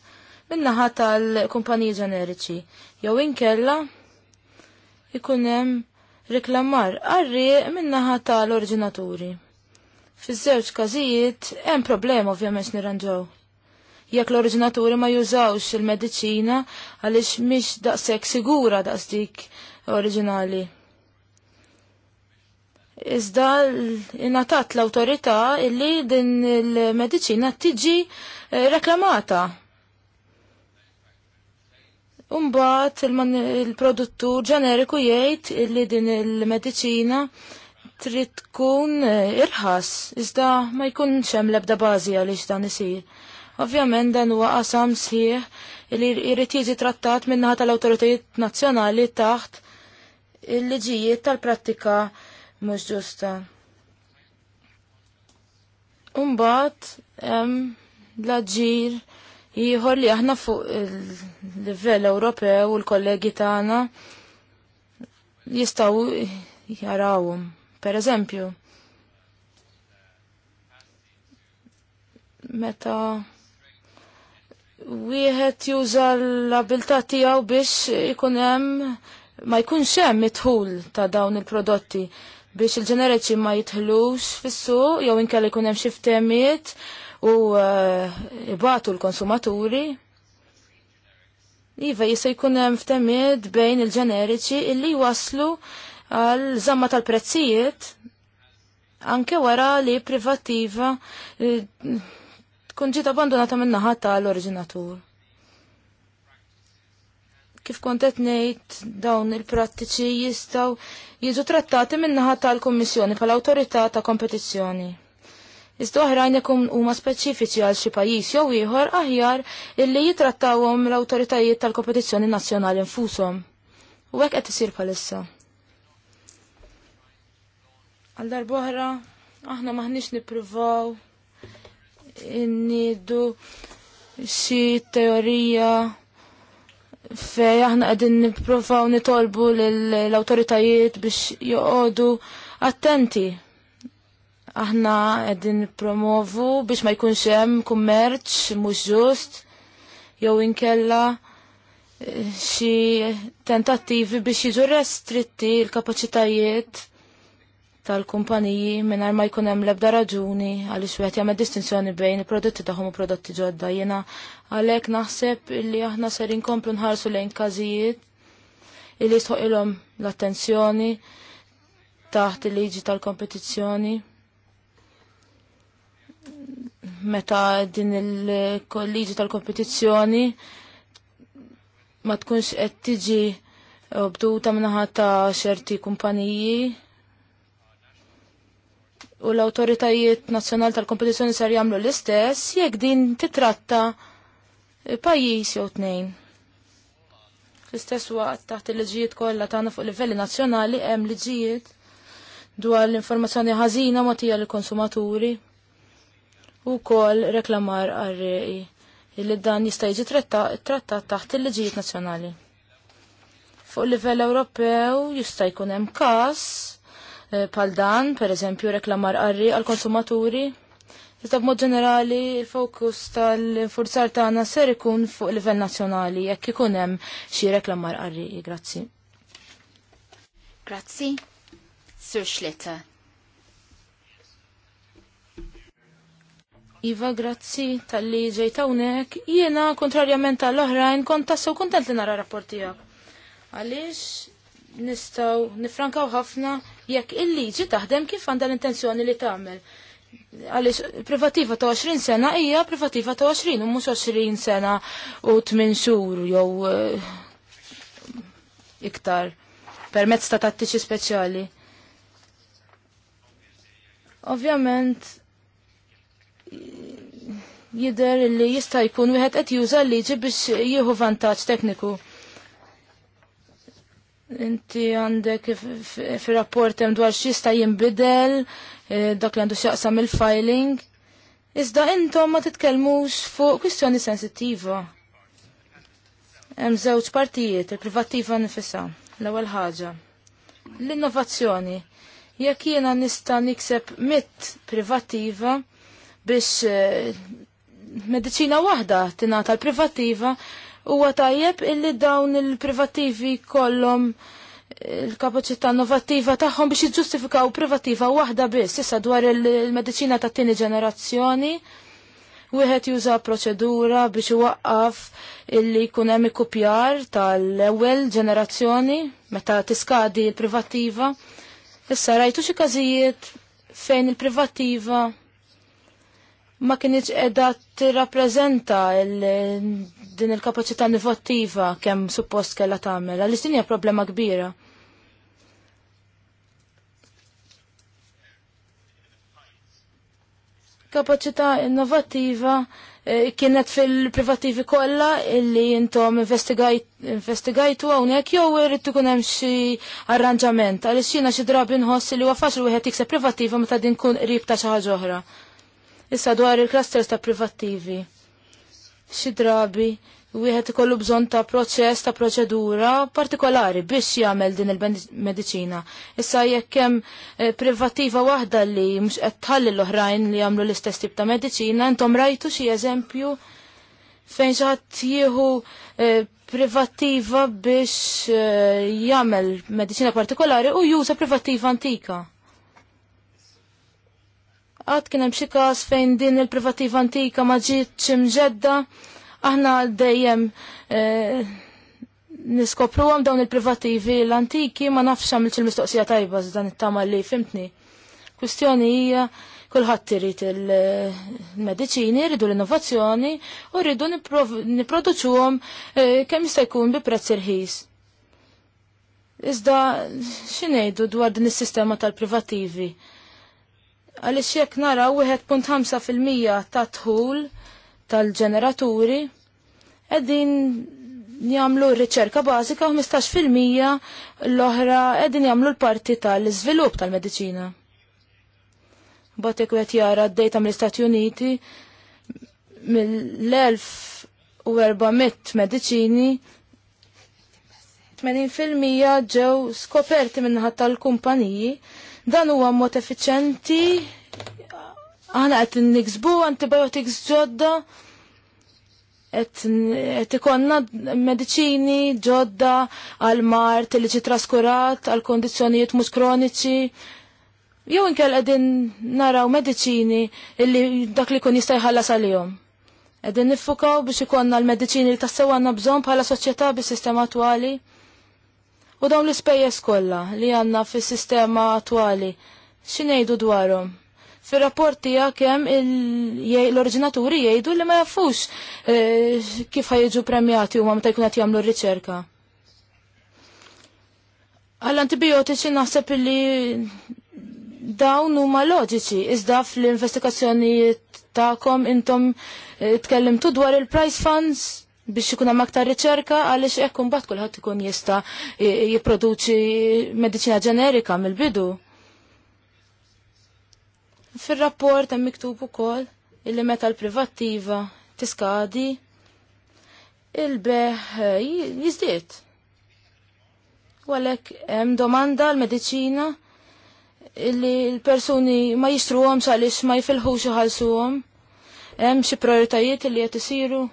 minnaħa tal-kumpaniji ġeneriċi. Jew inkella ikun hemm reklamar għarriq minnaħa tal orġinaturi Fiż-żewġ każijiet hemm problema ovvjament nirranġaw. Jekk l orġinaturi ma jużawx il-mediċina għaliex mhix daqshekk sigura daqs dik oriġinali. Iżda inatat l-autorità illi din il-medicina tiġi eh, reklamata. Umbat il-produttur ġeneriku jgħid illi din il-medicina trid tkun eh, irħas, iżda ma jkunx hemm l-ebda bażi għaliex dan isir. Ovvjament dan huwa qasam sħiħ li jrid jiġi trattat minnaħa tal-awtoritajiet nazzjonali taħt il-liġijiet tal-prattika mhux ġusta. Umbat, hemm l-aġir ieħor li aħna fuq il-livell Ewropew u l-kollegi tagħna jistgħu jarawhom. Per eżempju, meta wieħed juża l-abilità tiegħu biex ikun hemm ma jkunx hemm it it-tħul ta' dawn il-prodotti biex il-ġenereċi ma jitħlux fissu jew inkella jkun hemm xi ftehmiet u eh, ibatu l-konsumaturi. Iva jista' jkun hemm ftehmiet bejn il-ġeneriċi illi waslu għal żamma tal-prezzijiet anke wara li privattiva eh, tkun ġiet abbandonata min-naħa tal-oriġinatur. Kif kontet ngħid dawn il-prattiċi jistgħu jiġu trattati min-naħa tal-Kummissjoni pal awtorità ta' kompetizzjoni. Iżda oħrajn ikun huma speċifiċi għal xi pajjiż jew ieħor aħjar illi jitrattawhom l-awtoritajiet tal-kompetizzjoni nazzjonali infushom. U hekk qed isir bħalissa. Għal darb'oħra aħna maħniex nippruvaw innidu xi teorija fej aħna qegħdin niprofaw nitolbu l-awtoritajiet biex joqogħdu attenti. Aħna qegħdin nippromovu biex ma jkunx hemm kummerċ mhux ġust jew inkella eh, xi tentattivi biex jiġu restritti l-kapaċitajiet tal-kumpaniji mingħajr ma jkun hemm l-ebda raġuni għaliex wieħed jagħmel distinzjoni bejn il-prodotti tagħhom u prodotti ġodda. Jiena għalhekk naħseb illi aħna ser inkomplu nħarsu lejn każijiet illi jistħoq ilhom l-attenzjoni taħt il-liġi tal-kompetizzjoni. Meta din il-liġi tal-kompetizzjoni ma tkunx qed tiġi obduta minnaħa ta' xerti kumpaniji u l-autoritajiet nazzjonali tal-kompetizzjoni ser jagħmlu l-istess jekk din titratta pajjiż jew tnejn. Fl-istess waqt taħt il-liġijiet kollha tagħna fuq livelli nazzjonali hemm liġijiet dwar l-informazzjoni ħażina matija l-konsumaturi u kol reklamar għarreqi li dan jista' jiġi trattat taħt il-liġijiet nazzjonali. Fuq livell Ewropew jista' jkun hemm każ Eh, pal dan, per eżempju reklamar qarri għal konsumaturi. Iżda b'mod ġenerali il-fokus tal-forzar tagħna ser ikun fuq livell nazzjonali jekk ikun hemm xi reklamar qarri. Grazzi. Grazzi. Sur Xleta. Iva, grazzi tal-li ġejt hawnhekk. Jiena kontrarjament tal-oħrajn kont tassew kontent li nara rapport tiegħek. nistaw, nistgħu nifrankaw ħafna jekk il-liġi taħdem kif għandha l-intenzjoni li tagħmel. Għaliex privativa ta' 20 sena hija privativa ta' 20 u mhux 20 sena u 8 xhur jew eh, iktar permezz ta' tattiċi speċjali. Ovvjament jider li jista' jkun wieħed qed juża liġi biex jieħu vantaġġ tekniku. Inti għandek fi rapport hemm dwar x'jista' jinbidel e, dak li għandu x'jaqsam il-filing. Iżda intom ma titkellmux fuq kwistjoni sensittiva. Hemm żewġ partijiet, il-privattiva nifisha. L-ewwel ħaġa. L-innovazzjoni. Jekk jiena nista' nikseb mit privattiva biex e, mediċina waħda tingħata l-privattiva, huwa tajjeb illi dawn il-privattivi kollom il-kapacità innovattiva tagħhom biex jiġġustifikaw privattiva waħda biss issa dwar il-mediċina ta' tieni ġenerazzjoni. Wieħed juża proċedura biex iwaqqaf illi jkun hemm ikkupjar tal-ewwel ġenerazzjoni meta tiskadi l-privattiva. Issa rajtu xi każijiet fejn il-privattiva ma kienieċ edha t-rapprezenta din il-kapacità nivottiva kemm suppost kella tagħmel, istin hija problema kbira. Kapacità innovativa eh, kienet fil-privativi kollha illi intom investigajtu hawnhekk jew irid ikun hemm xi arranġament għaliex jiena xi drabi nħoss li huwa faċli wieħed privativa privattiva meta din kun qrib ta' xi ħaġa oħra. Issa dwar il-clusters ta' privattivi. Xi drabi wieħed ikollu bżonn ta' proċess ta' proċedura partikolari biex jagħmel din il-mediċina. Issa jekk hemm eh, privattiva waħda li mhux qed tħalli l-oħrajn li jagħmlu l-istess tip ta' mediċina, intom rajtu xi eżempju fejn xi ħadd jieħu eh, privattiva biex eh, jagħmel mediċina partikolari u juża privattiva antika. Għad kien hemm xi każ fejn din il-privattiva antika ma ġietx imġedda, aħna dejjem e, eh, niskopru għam dawn il-privattivi l-antiki ma nafx għamilx il-mistoqsija tajba dan it-tama li fimtni. Kwistjoni hija kulħadd irid il-mediċini, rridu l-innovazzjoni u rridu nipproduċuhom eh, kemm jista' jkun bi prezz irħis. Iżda xinejdu dwar din is-sistema tal-privattivi? Għaliex jekk naraw 1.5% ta' tħul tal-ġeneraturi qegħdin jagħmlu r-riċerka bażika u 15% l-oħra qegħdin jagħmlu l-parti tal-iżvilupp tal-mediċina. Batek għet jara d-dejta mill-Istati Uniti mill-1400 mediċini 80% ġew skoperti minnaħat tal-kumpaniji Dan huwa mod effiċenti, aħna qed niksbu antibiotics ġodda, qed ikonna mediċini ġodda għal mart li ġi traskurat għal kondizzjonijiet mhux kroniċi. Jew inkell qegħdin naraw mediċini illi dak li kun jista' jħallas għalihom. Qegħdin niffukaw biex ikonna l-mediċini li tassew għandna bżonn bħala soċjetà bis-sistema attwali. U dawn l-ispejjeż kollha li għandna fis-sistema attwali x'ingħidu dwarhom? Fir-rapport tiegħek hemm l-oriġinaturi jgħidu li ma jafux eh, kif ħajġu premjati huma meta jkun qed jagħmlu r-riċerka. Għall-antibiotiċi naħseb li dawn huma loġiċi, iżda fl-investigazzjonijiet tagħkom intom eh, tkellimtu dwar il-price funds biex ikun hemm aktar riċerka għaliex hekk imbagħad kulħadd ikun jista' jipproduċi mediċina ġenerika mill-bidu. Fir-rapport hemm miktub ukoll illi meta l-privattiva tiskadi il-beħ eh, jizdiet. għalhekk hemm domanda l-mediċina illi l-persuni ma jistruhomx għaliex ma jifilħux iħallsuhom. Hemm xi prioritajiet li qed isiru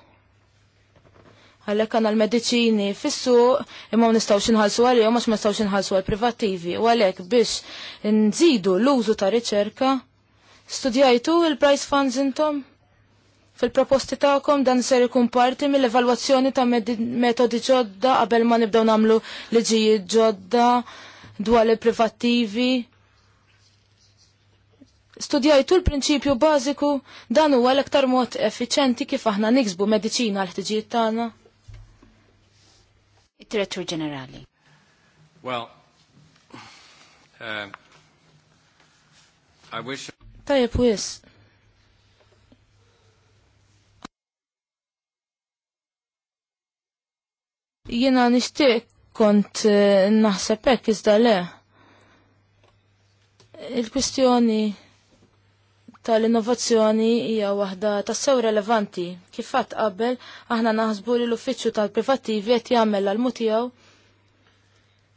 Għalhekk għandna l-mediċini fis-suq imma nistaw nistgħux inħallsu għalihom għax ma nistgħux inħallsu għall-privattivi u għalhekk biex nżidu l-użu ta' riċerka studjajtu il-price funds intom? Fil-proposti ta'kom dan ser ikun parti mill-evalwazzjoni ta' metodi ġodda qabel ma nibdew namlu liġijiet ġodda dwar privattivi. Studjajtu l-prinċipju bażiku dan huwa l-aktar mod effiċenti kif aħna niksbu mediċina l-ħtiġijiet tagħna. Direttur Ġenerali. Well, uh, I wish... Tajab, wis. Jena nishtiq kont eh, naħsepek hekk iżda le. il kwestjoni tal-innovazzjoni hija waħda tassew relevanti. Kif fatt qabel aħna naħsbu li l-uffiċċju tal-privattivi qed jagħmel għal mutijaw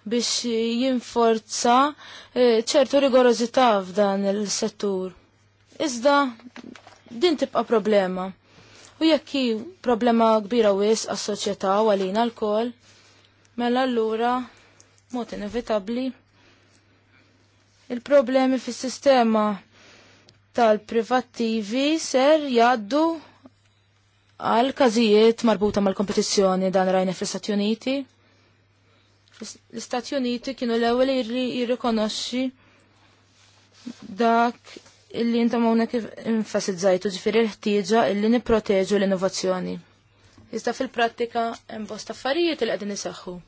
biex jinforza eh, ċertu rigorożità f'dan il-settur. Iżda din tibqa' problema. U jekk hi problema kbira wis għas-soċjetà u għalina l-kol, mela allura mod inevitabbli il-problemi fis-sistema tal-privattivi ser jaddu għal każijiet marbuta mal-kompetizzjoni dan rajna fl-Istati Uniti. L-Istati Uniti kienu l-ewwel jirrikonoxxi dak illi inta mawna kif infasizzajtu ġifiri l-ħtieġa illi niproteġu l-innovazzjoni. Iżda fil-prattika hemm bosta affarijiet li qegħdin iseħħu.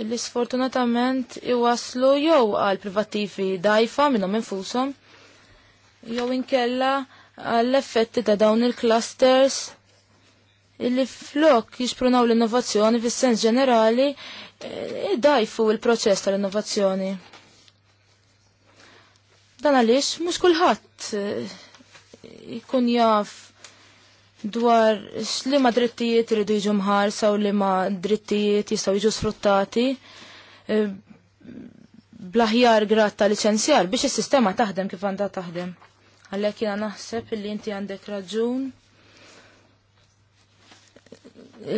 Illi sfortunatament iwaslu jew għal privattivi dajfa minnhom infushom jew inkella għall effetti ta' dawn il-clusters illi flok jisprunaw l-innovazzjoni fis-sens ġenerali eh, dajfu il-proċess tal-innovazzjoni. Dan għaliex mhux kulħadd jkun eh, jaf dwar x'liema drittijiet iridu jiġu mħarsa u liema drittijiet jistgħu jiġu sfruttati e, blaħjar grat ta' licenzjar biex is-sistema taħdem kif għandha taħdem. Għalhekk jiena naħseb li inti għandek raġun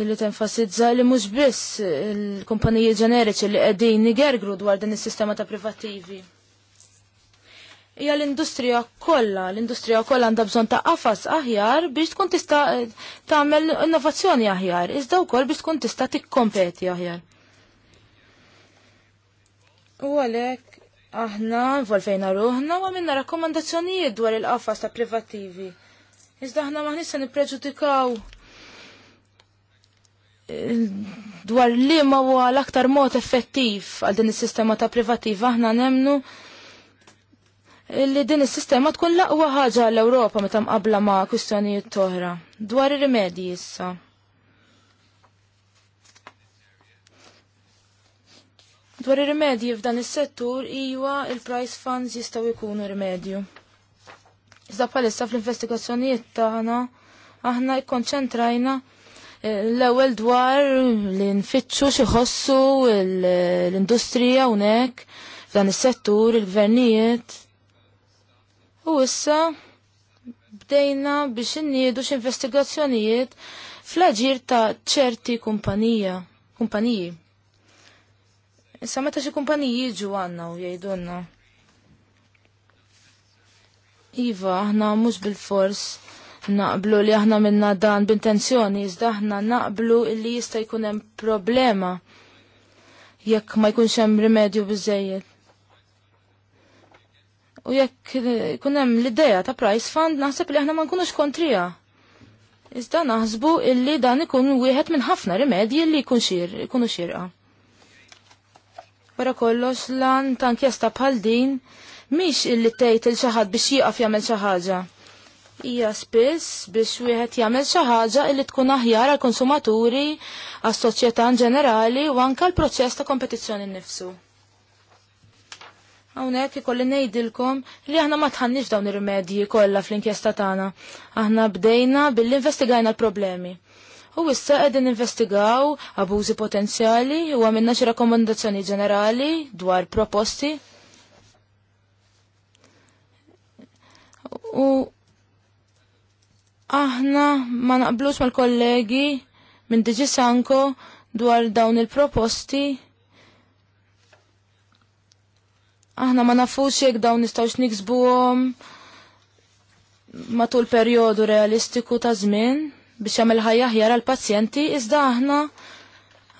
li tenfasizza li mhux biss il-kumpaniji ġeneriċi li qegħdin nigergru dwar din is-sistema ta' privattivi hija l-industrija kollha, l-industrija kollha għandha bżonn ta' qafas aħjar biex tkun tista' tagħmel innovazzjoni aħjar, iżda wkoll biex tkun tista' tikkompeti aħjar. U għalhekk aħna volfejna ruħna u għamilna rakkomandazzjonijiet dwar il-qafas ta' privattivi. Iżda aħna maħnis se nippreġudikaw eh, dwar li ma huwa l-aktar mod effettiv għal din is-sistema ta' privattiva aħna nemnu li din is-sistema tkun laqwa ħaġa l-Ewropa meta mqabla ma' kwistjonijiet toħra dwar ir-rimedji issa. Dwar ir-rimedji f'dan is-settur iwa il-price funds jistgħu jkunu rimedju. Iżda bħalissa fl-investigazzjonijiet tagħna aħna jikkonċentrajna eh, l-ewwel dwar li nfittxu xi ħossu l-industrija hawnhekk f'dan is-settur il-gvernijiet U issa bdejna biex inniedu investigazzjonijiet fl-aġir ta' ċerti kumpanija, kumpaniji. Issa meta xi kumpaniji jiġu għandna u jgħidulna. Iva, aħna mhux bil-fors naqblu li aħna minna dan b'intenzjoni, iżda aħna naqblu li jista' jkun hemm problema jekk ma jkunx hemm rimedju biżejjed. U jekk eh, kunem l-ideja ta' price fund, naħseb li aħna ma nkunux kontrija. Iżda naħsbu illi dan ikun wieħed minn ħafna rimedji li jkun xir, ikunu xirqa. Wara kollox lan ta' inkjesta bħal din miex illi tgħid il xi ħadd biex jieqaf jagħmel xi ħaġa. Hija spiss biex wieħed jagħmel xi ħaġa illi tkun aħjar għall konsumaturi għas-soċjetà in ġenerali u anke l-proċess ta' kompetizzjoni nnifsu. Hawnhekk ikolli ngħidilkom li aħna ma tħannix dawn ir remedji kollha fl-inkjesta tagħna. Aħna bdejna billi investigajna l-problemi. U issa qegħdin investigaw abużi potenzjali u għamilna xi rakkomandazzjoni ġenerali dwar proposti. U aħna ma naqblux mal-kollegi minn Diġi Sanko dwar dawn il-proposti aħna ma nafux jek dawn nistgħux niksbuhom matul perjodu realistiku ta' żmien biex jagħmel ħajja ħjar għall-pazjenti iżda aħna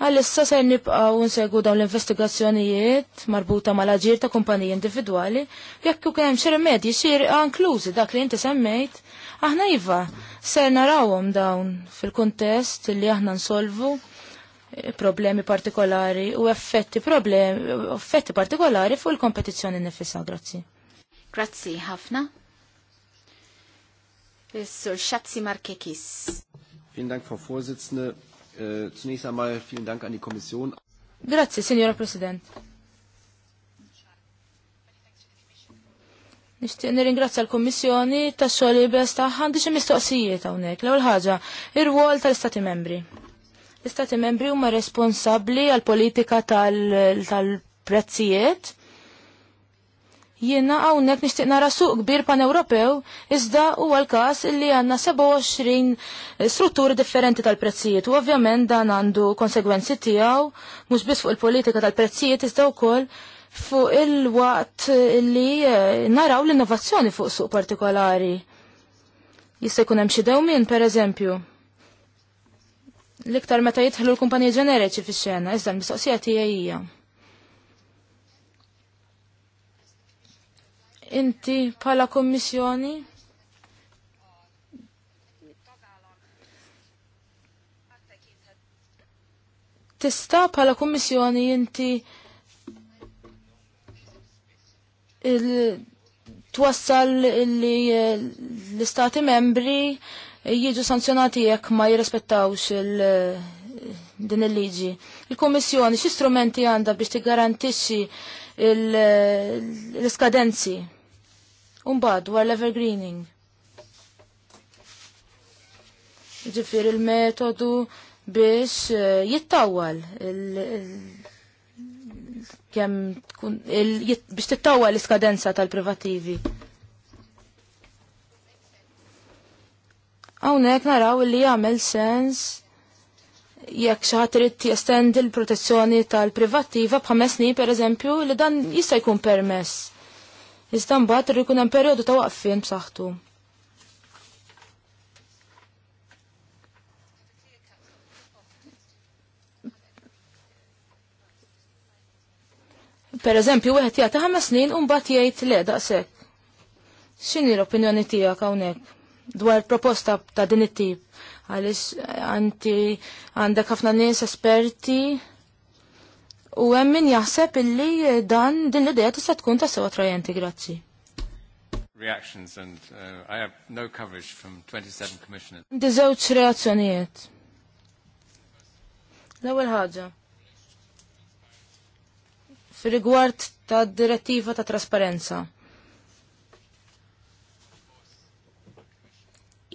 għalissa se nibqgħu nsegwu dawn l-investigazzjonijiet marbuta mal-aġir ta' kumpaniji individwali jekk ukoll hemm xi rimedji xirqa' inklużi dak li inti semmejt aħna iva ser narawhom dawn fil-kuntest li aħna nsolvu problemi partikolari u effetti, problemi, effetti partikolari fuq il-kompetizzjoni nifisa. Grazzi. Grazzi ħafna. Sur Schatzi Markekis. Vielen Dank, Frau Vorsitzende. Uh, Zunächst einmal vielen Dank an die Kommission. Grazie, Signora President. Nishtiq nirringrazzja l-Kommissjoni tas xogħol bes tagħha għandi xi mistoqsijiet hawnhekk. L-ewwel ħaġa, ir wol tal-Istati Membri. L-istati membri huma responsabbli għal politika tal-prezzijiet. Jiena hawnhekk nixtieq nara suq kbir pan-Ewropew iżda huwa l-każ illi għandna 27 strutturi differenti tal-prezzijiet u ovvjament dan għandu konsegwenzi tiegħu mhux biss fuq il-politika tal-prezzijiet iżda wkoll fuq il-waqt li eh, naraw l-innovazzjoni fuq suq partikolari. Jista' jkun hemm xi dewmien pereżempju. L-iktar meta jitħlu l-kumpanija ġeneriċi fix-xena, iżda l-mistoqsija tiegħi Inti bħala kummissjoni tista bħala kummissjoni inti il twassal li l-istati membri jiġu sanzjonati jekk ma jirrispettawx din il-liġi. Il-Kommissjoni xi strumenti għandha biex tigarantixxi l-iskadenzi? Umbad, dwar l-evergreening. Ġifir il-metodu biex eh, jittawal kem biex tittawal l-iskadenza tal-privativi. Hawnhekk naraw li jagħmel sens jekk xi ħadd irid jestendi l-protezzjoni tal-privattiva bħamessni snin pereżempju li dan jista' jkun permess. Iżda mbagħad irid jkun hemm perjodu ta' waqfien b'saħħtu. Per eżempju, wieħed jagħti ħames snin u mbagħad jgħid le daqshekk. X'inhi l-opinjoni tiegħek hawnhekk? dwar proposta ta' din it-tip. Għalix anti għandek ħafna nies esperti u hemm min jaħseb illi dan din l-idea tista' tkun ta' sewa trajenti, grazzi. Reactions and uh, I have no coverage from 27 commissioners. reazzjonijiet. L-ewwel ħaġa. Fir-rigward ta' direttiva ta' trasparenza.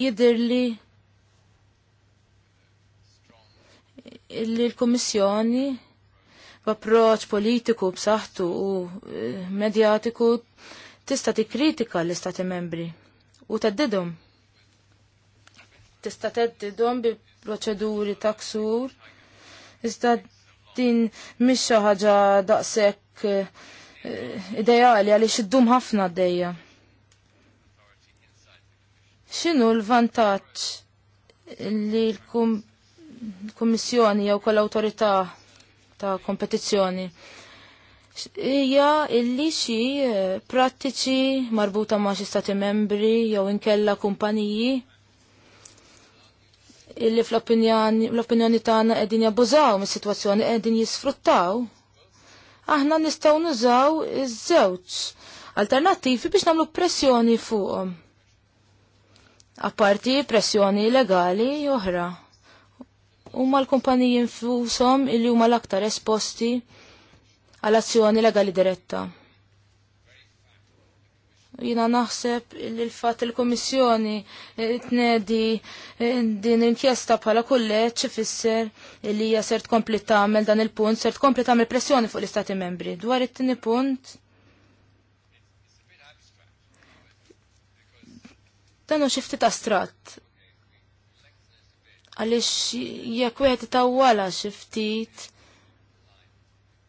jidirli li l-Komissjoni b'approċċ politiku b'saħħtu u e, medjatiku tista' tikkritika l-Istati membri u teddidhom. Tista' teddidhom bi proċeduri ta' ksur, iżda din mhix xi ħaġa daqshekk e, ideali għaliex iddum ħafna għaddejja. X'inhu l-vantaġġ li l-Kummissjoni jew kol awtorità ta' kompetizzjoni hija illi xi eh, prattiċi marbuta ma' xi stati membri jew inkella kumpaniji illi fl-opinjoni tagħna qegħdin jabbużaw mis-sitwazzjoni qegħdin jisfruttaw aħna nistgħu nużaw iż-żewġ alternattivi biex nagħmlu pressjoni fuqhom apparti pressjoni legali oħra. Huma l-kumpaniji infushom illi huma l-aktar esposti għal azzjoni legali diretta. Jina naħseb li l-fat il-Komissjoni eh, tnedi eh, din inkjesta bħala kulleċ fisser li hija ser tkompli tagħmel dan il-punt, sert tkompli tagħmel pressjoni fuq l-Istati membri. Dwar it-tieni punt, Dan xifti ftit strat. Għaliex jekk wieħed itawwala xi ftit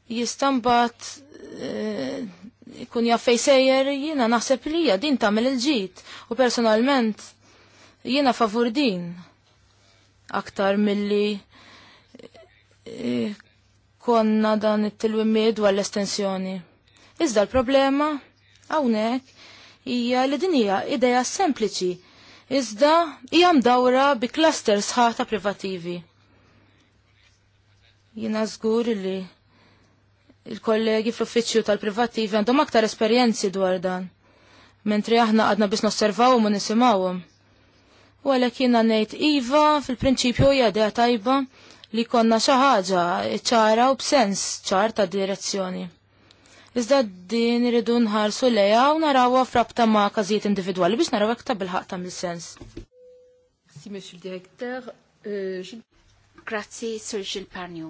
jistambat eh, ikun e, jaffej sejjer jiena naħseb li hija din tagħmel il-ġid u personalment jiena favur din aktar milli eh, konna dan it-tilwimied u l-estensjoni. Iżda l-problema hawnhekk hija li din hija idea sempliċi, iżda hija mdawra bi cluster sħata privativi. Jiena żgur li il-kollegi fl-uffiċċju tal-privativi għandhom aktar esperjenzi dwar dan, mentri aħna għadna biex nosservawhom u nisimgħuhom. U għalhekk jiena ngħid iva fil-prinċipju hija idea tajba li konna xi ħaġa ċara u b'sens ċar ta' direzzjoni. Iżda din iridu nħarsu leja u narawha frabta ma' każijiet individwali biex naraw hekk ta' bilħaq tagħmel sens. Si, Monsieur Direktor. Euh, Grazzi, Sir Gilles Parnio.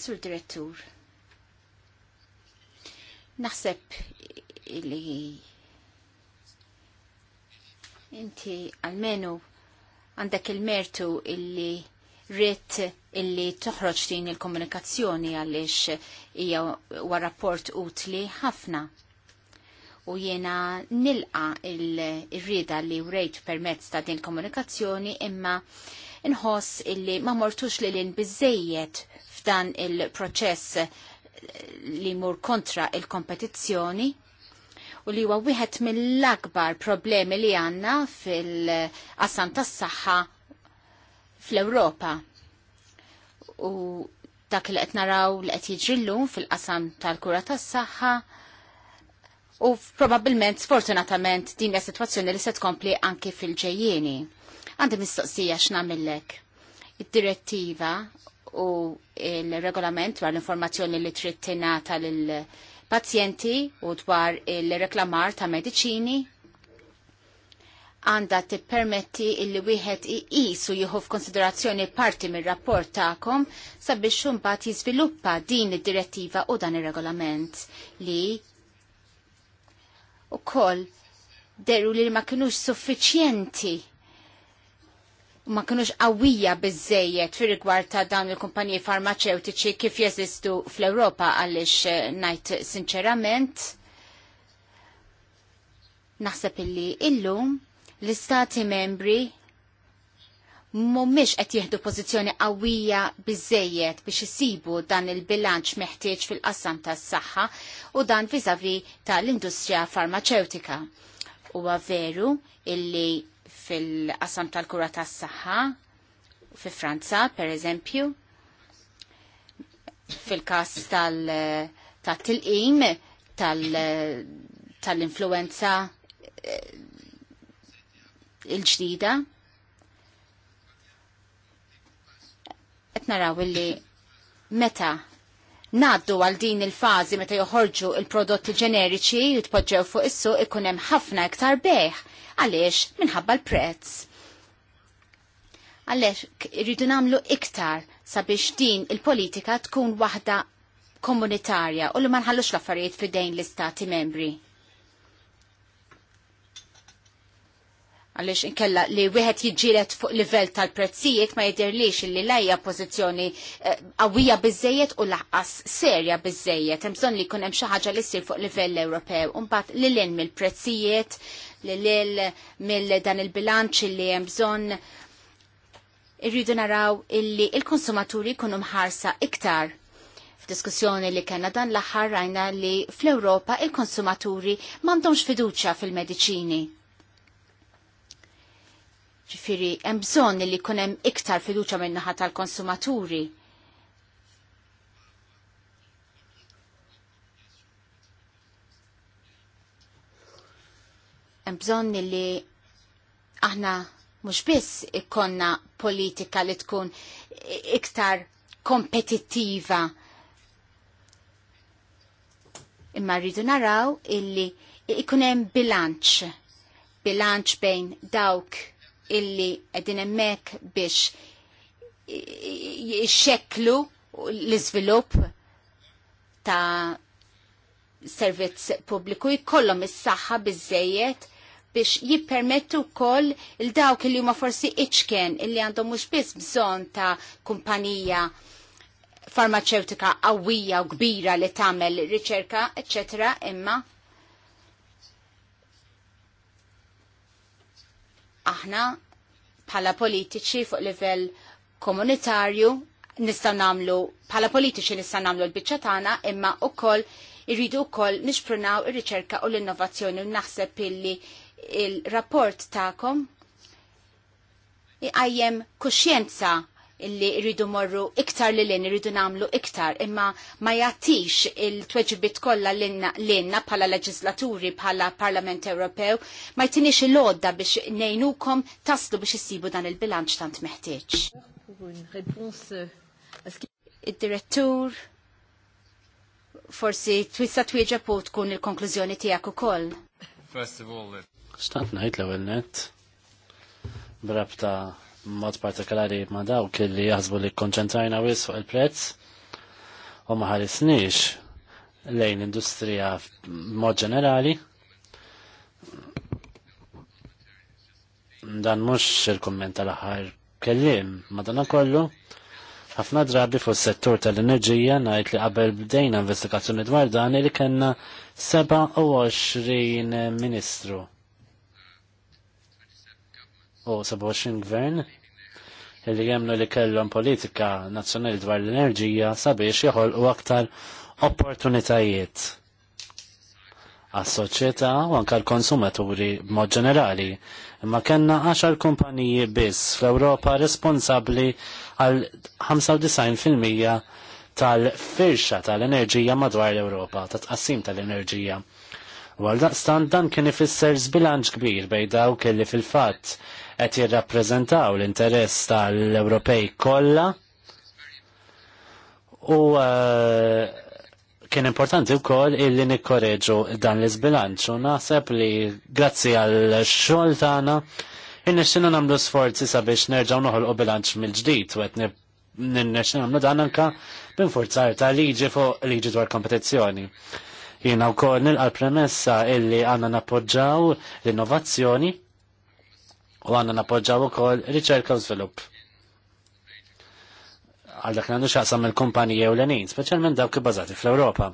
Sur Direttur, naħseb li inti għalmenu għandek il-mertu illi rrit illi toħroġ din il-komunikazzjoni għaliex hija huwa rapport utli ħafna. U jiena nilqa il-rieda li wrejt permezz ta' din il-komunikazzjoni imma nħoss illi ma mortux li l-in bizzejiet f'dan il-proċess li mur kontra il-kompetizzjoni u li huwa wieħed mill-akbar problemi li għandna fil qasam tas-saħħa fl-Ewropa u dak li qed naraw li qed jiġrillum fil-qasam tal-kura tas-saħħa u probabbilment sfortunatament din hija sitwazzjoni li se tkompli anke fil-ġejjieni. Għandi mistoqsija x'namillek. Id-direttiva u il-regolament dwar l-informazzjoni li trid tingħata lill pazjenti u dwar il-reklamar ta' mediċini għanda tippermetti illi wieħed iqisu jieħu f'konsiderazzjoni parti mir-rapport tagħkom sabiex imbagħad jiżviluppa din id-direttiva u dan ir-regolament li ukoll deru li ma kinux suffiċjenti ma kinux qawwija biżejjed firigward rigward ta' dawn il-kumpaniji farmaceutiċi kif jeżistu fl-Ewropa għaliex eh, ngħid sinċerament naħseb illi illum l-istati membri mumiex qed jieħdu pożizzjoni qawwija biżejjed biex isibu dan il-bilanċ meħtieġ fil-qassam tas-saħħa u dan viżavi tal-industrija farmaceutika. Huwa veru illi fil-qassam tal-kura tas-saħħa fi Franza, per eżempju, fil-kas tal-tilqim tal-influenza tal eh, il-ġdida. Qed naraw illi meta Naddu għal din il-fazi meta joħorġu il-prodotti ġeneriċi jitpoġġew fuq issu ikun hemm ħafna iktar beħ għaliex minħabba l-prezz. Għaliex irridu nagħmlu iktar sabiex din il-politika tkun waħda komunitarja u li ma nħallux l-affarijiet fidejn l-istati membri. għalix inkella li wieħed jiġġielet fuq livell tal-prezzijiet ma jidirlix li lajja pożizzjoni eh, qawwija bizzejiet u laqqas serja bizzejiet. Mżon bżonn li jkun hemm xi ħaġa li ssir fuq livell Ewropew Umbat mbagħad l-in mill-prezzijiet, lil mill dan il-bilanċ li hemm bżonn irridu naraw illi il-konsumaturi jkunu mħarsa iktar F'diskussjoni li kena dan l-aħħar rajna li fl-Ewropa il-konsumaturi m'għandhomx fiduċja fil-mediċini Ġifiri, hemm bżonn li jkun hemm iktar fiduċja minn naħa tal-konsumaturi. Hemm bżonn li aħna mhux biss ikkonna politika li tkun iktar kompetittiva imma rridu naraw illi ikun hemm bilanċ bilanċ bejn dawk illi qegħdin hemmhekk biex jxekklu l-iżvilupp ta' servizz pubbliku jkollhom is-saħħa biżejjed biex jippermettu wkoll il dawk li huma forsi iċken illi għandhom mhux biss bżonn ta' kumpanija farmaceutika qawwija u kbira li tagħmel riċerka, eċċetera, imma aħna bħala politiċi fuq livell komunitarju nistaw namlu, bħala politiċi nistaw namlu l-bicċa tagħna, imma wkoll irridu wkoll nixprunaw ir-riċerka u l-innovazzjoni u naħseb illi il-rapport tagħkom iqajjem kuxjenza illi irridu morru iktar li l-in, irridu namlu iktar, imma ma jattix il-tweġibit kolla l-inna bħala leġislaturi bħala Parlament Ewropew, ma jtinix il-lodda biex nejnukom taslu biex issibu dan il-bilanċ tant meħtieġ. Id-direttur, forsi twissa twieġeb u tkun il-konklużjoni tiegħek ukoll. First of all, Stant ngħid l-ewwel net brabta mod partikolari ma dawk li jaħsbu li konċentrajna wis fuq il-prezz u ma ħarisniex lejn industrija mod ġenerali. Dan mhux il-kumment tal-aħħar kellim, madanakollu ħafna drabi fuq settur tal-enerġija ngħid li qabel bdejna investigazzjoni dwar dan li kellna 27 ministru. U 27 gvern li jemnu li kellhom politika nazzjonali dwar l-enerġija sabiex joħolqu aktar opportunitajiet għas-soċjetà u anke l-konsumaturi b'mod ġenerali. Imma kellna 10 kumpaniji biss fl-Ewropa responsabbli għal 95% tal-firxa tal-enerġija madwar l-Ewropa, ta' tqassim tal-enerġija. Għal daqstan dan kien ifisser zbilanċ kbir bej dawk li fil-fatt qed jirrappreżentaw l-interess tal-Ewropej kollha u eh, kien importanti wkoll illi nikkoreġu dan l-izbilanċ u naħseb li grazzi għal xogħol tagħna innexxinu nagħmlu sforzi sabiex nerġgħu noħolqu bilanċ mill-ġdid u qed ninnexxinu nagħmlu dan anke b'infurzar ta' liġi fuq liġi dwar kompetizzjoni. Jiena wkoll nilqa' premessa illi għandna nappoġġaw l-innovazzjoni u għanna napoġġaw ukoll riċerka u żvilupp. Għal nandu xaqsam il-kumpaniji u l-enin, specialment dawk bazati fl-Ewropa.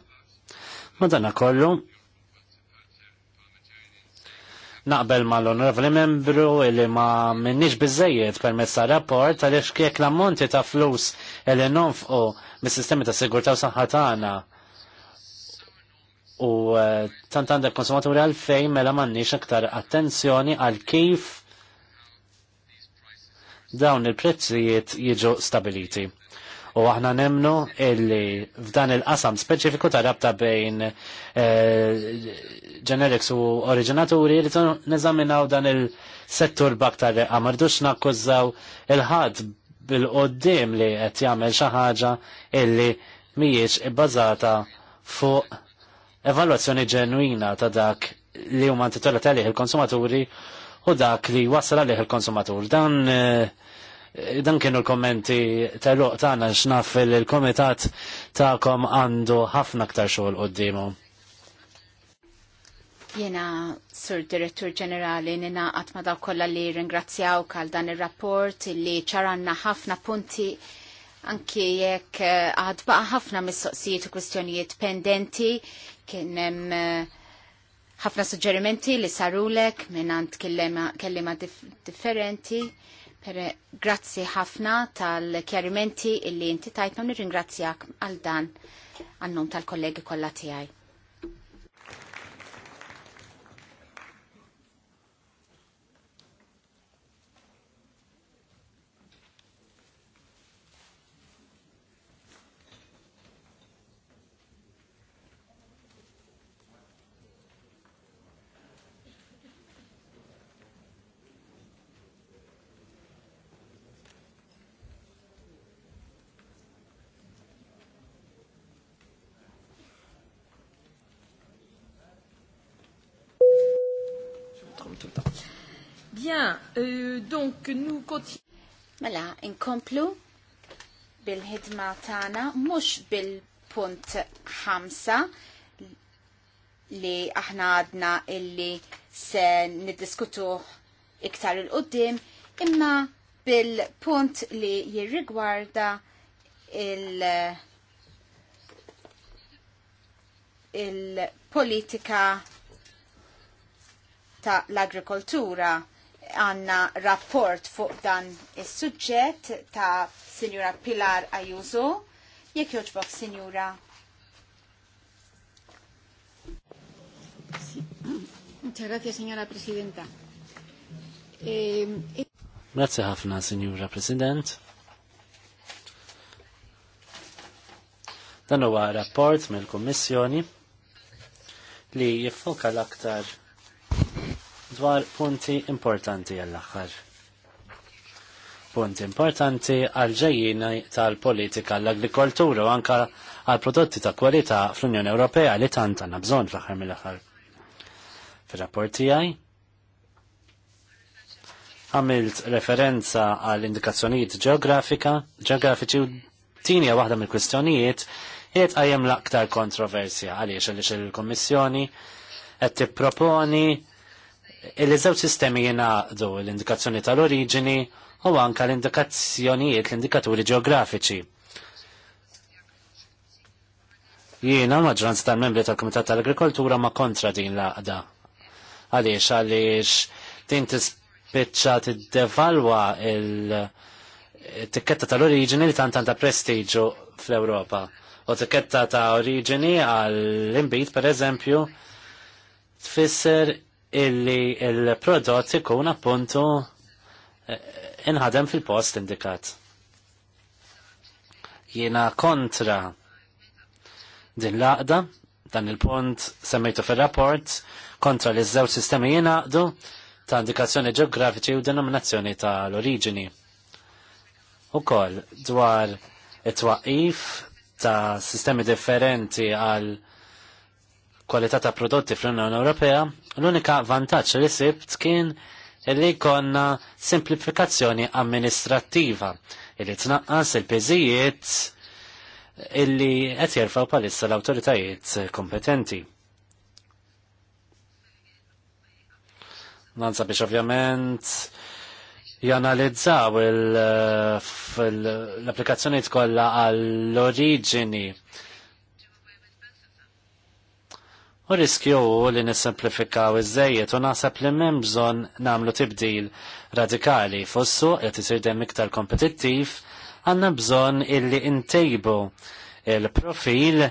Madonna kollu, naqbel ma l-onorevoli membru li ma minnix bizzejiet permezz ta' rapport għaliex kiek l-ammonti ta' flus li nonfqu mis-sistemi ta' sigurta u saħħatana u eh, tant għandek konsumaturi għalfejn mela m'għandniex aktar attenzjoni għal kif dawn il-prezzijiet jiġu stabiliti. U aħna nemnu illi f'dan il-qasam speċifiku ta' rabta bejn eh, generics u oriġinaturi li neżaminaw dan il-settur baktar li għamardux nakkużaw il-ħad bil-qoddim li qed jagħmel xi ħaġa illi mhijiex ibbażata fuq evalwazzjoni ġenwina ta' dak li huma titolla għalih il-konsumaturi u dak li wassal għalih il-konsumatur. Dan uh, dan kienu l-kommenti ta' Ruq tagħna x'naf il-komitat tagħkom għandu ħafna aktar xogħol qoddimu. Jena, Sur Direttur Ġenerali, nina għatma daw kolla li ringrazzjaw għal dan il-rapport li ċaranna ħafna punti anki jekk eh, għadba ħafna mis-soqsijiet u kwestjonijiet pendenti kien hemm eh, ħafna suġġerimenti li sarulek minn għand kellima differenti Grazzi ħafna tal-kjarimenti illi inti tajtna nirringrazzjak għal dan għannum tal-kollegi kollha tiegħi. Bien, euh, donc nous continuons. Mela, inkomplu bil-ħidma tagħna mhux bil-punt ħamsa li aħna għadna illi se niddiskutu iktar il-qoddim imma bil-punt li jirrigwarda il- il-politika ta' l-agrikoltura għanna rapport fuq dan is suġġett ta' Signora Pilar Ayuso. Jek joġbok, Signora. Muchas gracias, Signora Presidenta. Eh, eh, Grazie ħafna, Signora President. Dan huwa rapport mill-Kummissjoni li jiffoka l-aktar dwar punti importanti għall-axħar. Punti importanti għal-ġejjin tal-politika l-agrikoltura u anka għal-prodotti ta' kwalità fl-Unjoni Ewropea li tant għandna bżonn fl-aħħar mill-aħħar. Fir-rapporti għaj, għamilt referenza għal indikazzjonijiet ġeografika, ġeografiċi u tinja waħda mill-kwistjonijiet jiet għajem l-aktar kontroversja għaliex għaliex il-Kommissjoni qed tipproponi Eh, Il-żewġ sistemi do l-indikazzjoni tal-oriġini u anka l-indikazzjonijiet l-indikaturi ġeografiċi. Jiena l-maġranza tal-membri tal-Kumitat tal-Agrikoltura ma kontra din l-aqda. Għaliex, għaliex din tispiċċa tiddevalwa il-tikketta tal-oriġini li tant għandha prestiġu fl-Ewropa. U tikketta ta' oriġini għall-imbit, per eżempju, tfisser illi il-prodott ikun appuntu eh, inħadem fil-post indikat. Jiena kontra din laqda, dan il-punt semmejtu fil-rapport, kontra li żewġ sistemi jinaqdu ta' indikazzjoni ġeografiċi u denominazzjoni ta' l-oriġini. U koll dwar it-twaqif ta' sistemi differenti għal kwalità ta' prodotti fl-Unjoni Ewropea, l-unika vantaġġ li sibt kien li konna simplifikazzjoni amministrattiva illi tnaqqas il-piżijiet illi qed jerfgħu palissa l-awtoritajiet kompetenti. Nanza biex ovvjament janalizzaw l-applikazzjoni tkollha għall-oriġini U riskju li nisimplifikaw iż-żejjed u nasab li minn bżonn nagħmlu tibdil radikali fossu qed isir dem iktar kompetittiv għandna bżonn illi intejbu il-profil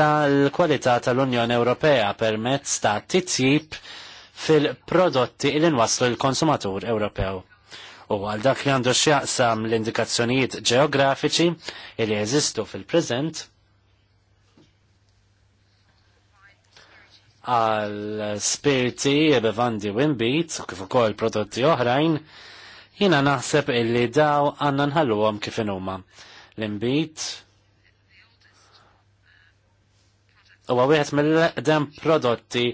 tal-kwalità tal-Unjoni Ewropea permezz ta' titjib fil-prodotti li nwaslu l-konsumatur Ewropew. U għal dak li għandu x'jaqsam l-indikazzjonijiet ġeografiċi li jeżistu fil-preżent, għal spirti bevandi u kif ukoll prodotti oħrajn, jina naħseb illi daw għanna nħalluhom kif inhuma. L-imbit huwa wieħed mill-dem prodotti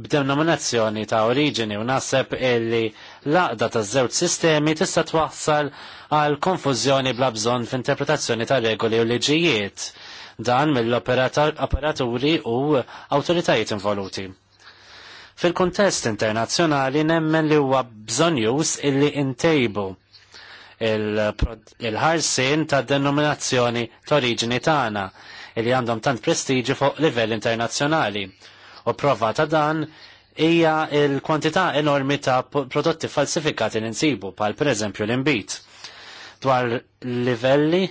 b'denominazzjoni ta' oriġini u naħseb illi laqda ta' żewġ sistemi tista' twassal għal konfużjoni bla bżonn f'interpretazzjoni ta' regoli u liġijiet dan mill-operaturi u awtoritajiet involuti. Fil-kontest internazzjonali nemmen li huwa bżonjus illi intejbu il-ħarsin il ta' denominazzjoni ta' oriġini tagħna illi għandhom tant prestiġi fuq livell internazzjonali. U prova ta' dan hija il-kwantità enormi ta' prodotti falsifikati li nsibu, pal per eżempju l-imbit. Dwar livelli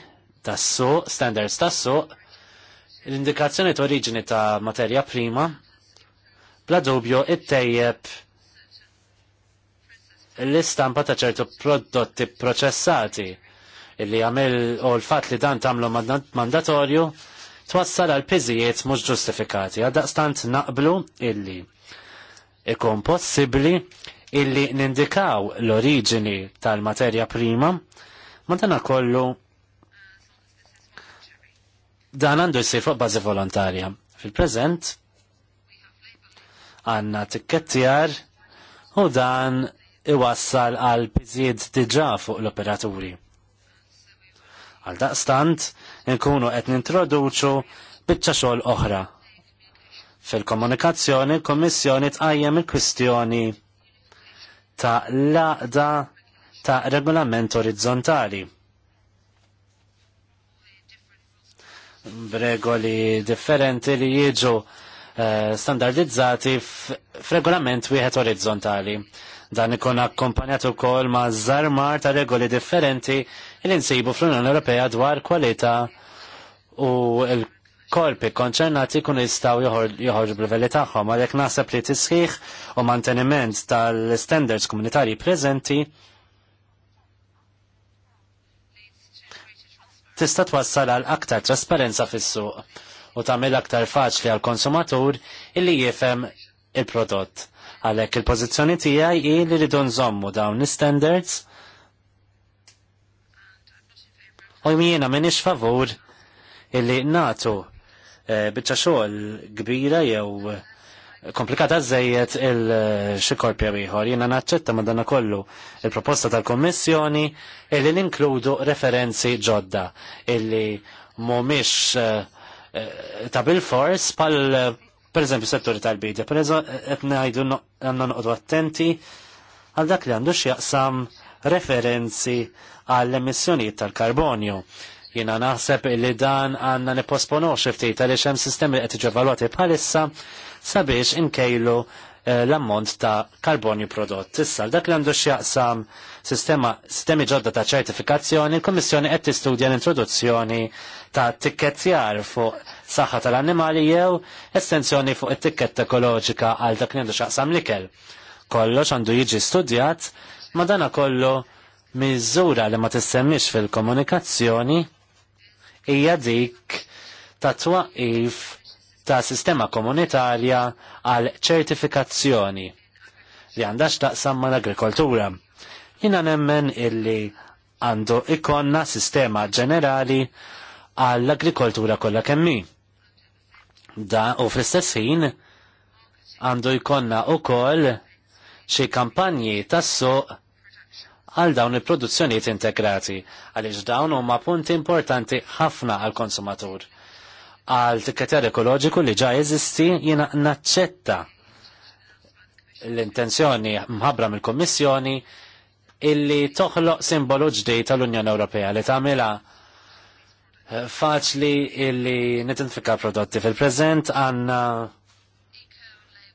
tas-suq, standards tas-suq, L-indikazzjoni ta' oriġini ta' materja prima bla dubju it-tejjeb l-istampa ta' ċertu prodotti proċessati illi għamil u l-fat li dan tamlu mandatorju twassal għal piżijiet mhux ġustifikati. stant naqblu illi ikun possibbli illi nindikaw l-oriġini tal-materja prima ma dan kollu Dan għandu jsir fuq bażi volontarja. Fil-preżent għandna tikketjar u dan iwassal għal piżjed diġà fuq l-operaturi. Għal daqstant, nkunu qed nintroduċu biċċa xogħol oħra. Fil-komunikazzjoni, l-Kommissjoni tqajjem il-kwistjoni ta' laqda ta' regolament orizzontali. b'regoli differenti li jiġu eh, standardizzati f'regolament wieħed orizzontali. Dan ikun akkompanjat ukoll ma' żarmar ta' regoli differenti li nsibu fl-Unjoni Ewropea dwar kwalità u l-korpi konċernati kun jistgħu joħorġu b'livelli tagħhom għalhekk naħseb li tisħiħ u manteniment tal-standards komunitarji preżenti tista' twassal għal aktar trasparenza fis-suq u tagħmel aktar faċli għal konsumatur illi jifhem il-prodott. Għalhekk il-pożizzjoni tiegħi hi li rridu nżommu dawn l-standards u jiena m'iniex favur illi natu eh, biċċa xogħol kbira jew komplikata żejjed il-xikorpja ieħor. Jiena naċċetta madana kollu il-proposta tal-Kommissjoni illi l-inkludu referenzi ġodda illi mhumiex eh, ta' bil-fors pal per eżempju settori tal-bidja. Per qed ngħidu għandna noqogħdu attenti għal dak li għandu x'jaqsam referenzi għall-emissjonijiet tal-karbonju jina naħseb li dan għanna niposponox ftit għaliex hemm sistemi qed iġevalwati bħalissa sabiex inkejlu eh, l-ammont ta' karbonju prodott. Issa, dak li għandu xjaqsam sistema, sistemi ġodda ta' ċertifikazzjoni, il-Kommissjoni qed tistudja l-introduzzjoni ta' tikkettjar fuq saħħa tal-annimali jew estensjoni fuq it-tikketta ekoloġika għal dak li għandu xjaqsam l-ikel. Kollox għandu jiġi studjat, ma dana kollu miżura li ma tissemmix fil-komunikazzjoni hija dik ta' twaqif ta' sistema komunitarja għal ċertifikazzjoni li għandax taqsam mal agrikoltura Jina nemmen illi għandu ikonna sistema ġenerali għall agrikoltura kollha kemmi. Da u fl-istess ħin għandu jkonna ukoll xi kampanji tas-suq għal dawn il-produzzjonijiet integrati għaliex dawn huma punti importanti ħafna għal konsumatur għal t-kater ekoloġiku li ġa jeżisti jiena naċċetta l-intenzjoni mħabbra mill-Kommissjoni illi toħloq simbolu ġdej tal-Unjoni Ewropea li tagħmilha eh, faċli illi nitinfika prodotti fil-preżent għandna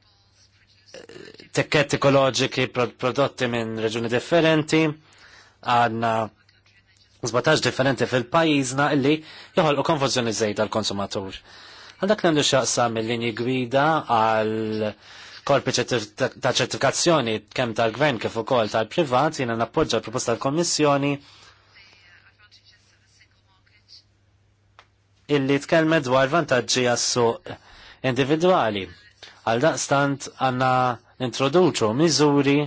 eh, tekket ekoloġiki prodotti minn reġuni differenti għandna żbatax differenti fil-pajjiżna illi joħolqu konfużjoni zejda l-konsumatur. Għal dak xaqsa mill-linji gwida għal korpi ta' ċertifikazzjoni kemm tal-gvern kif ukoll tal-privat jiena nappoġġa l-proposta tal-Kommissjoni illi tkellmet dwar vantaġġi għas-suq individwali. Għal daqstant għanna introduċu miżuri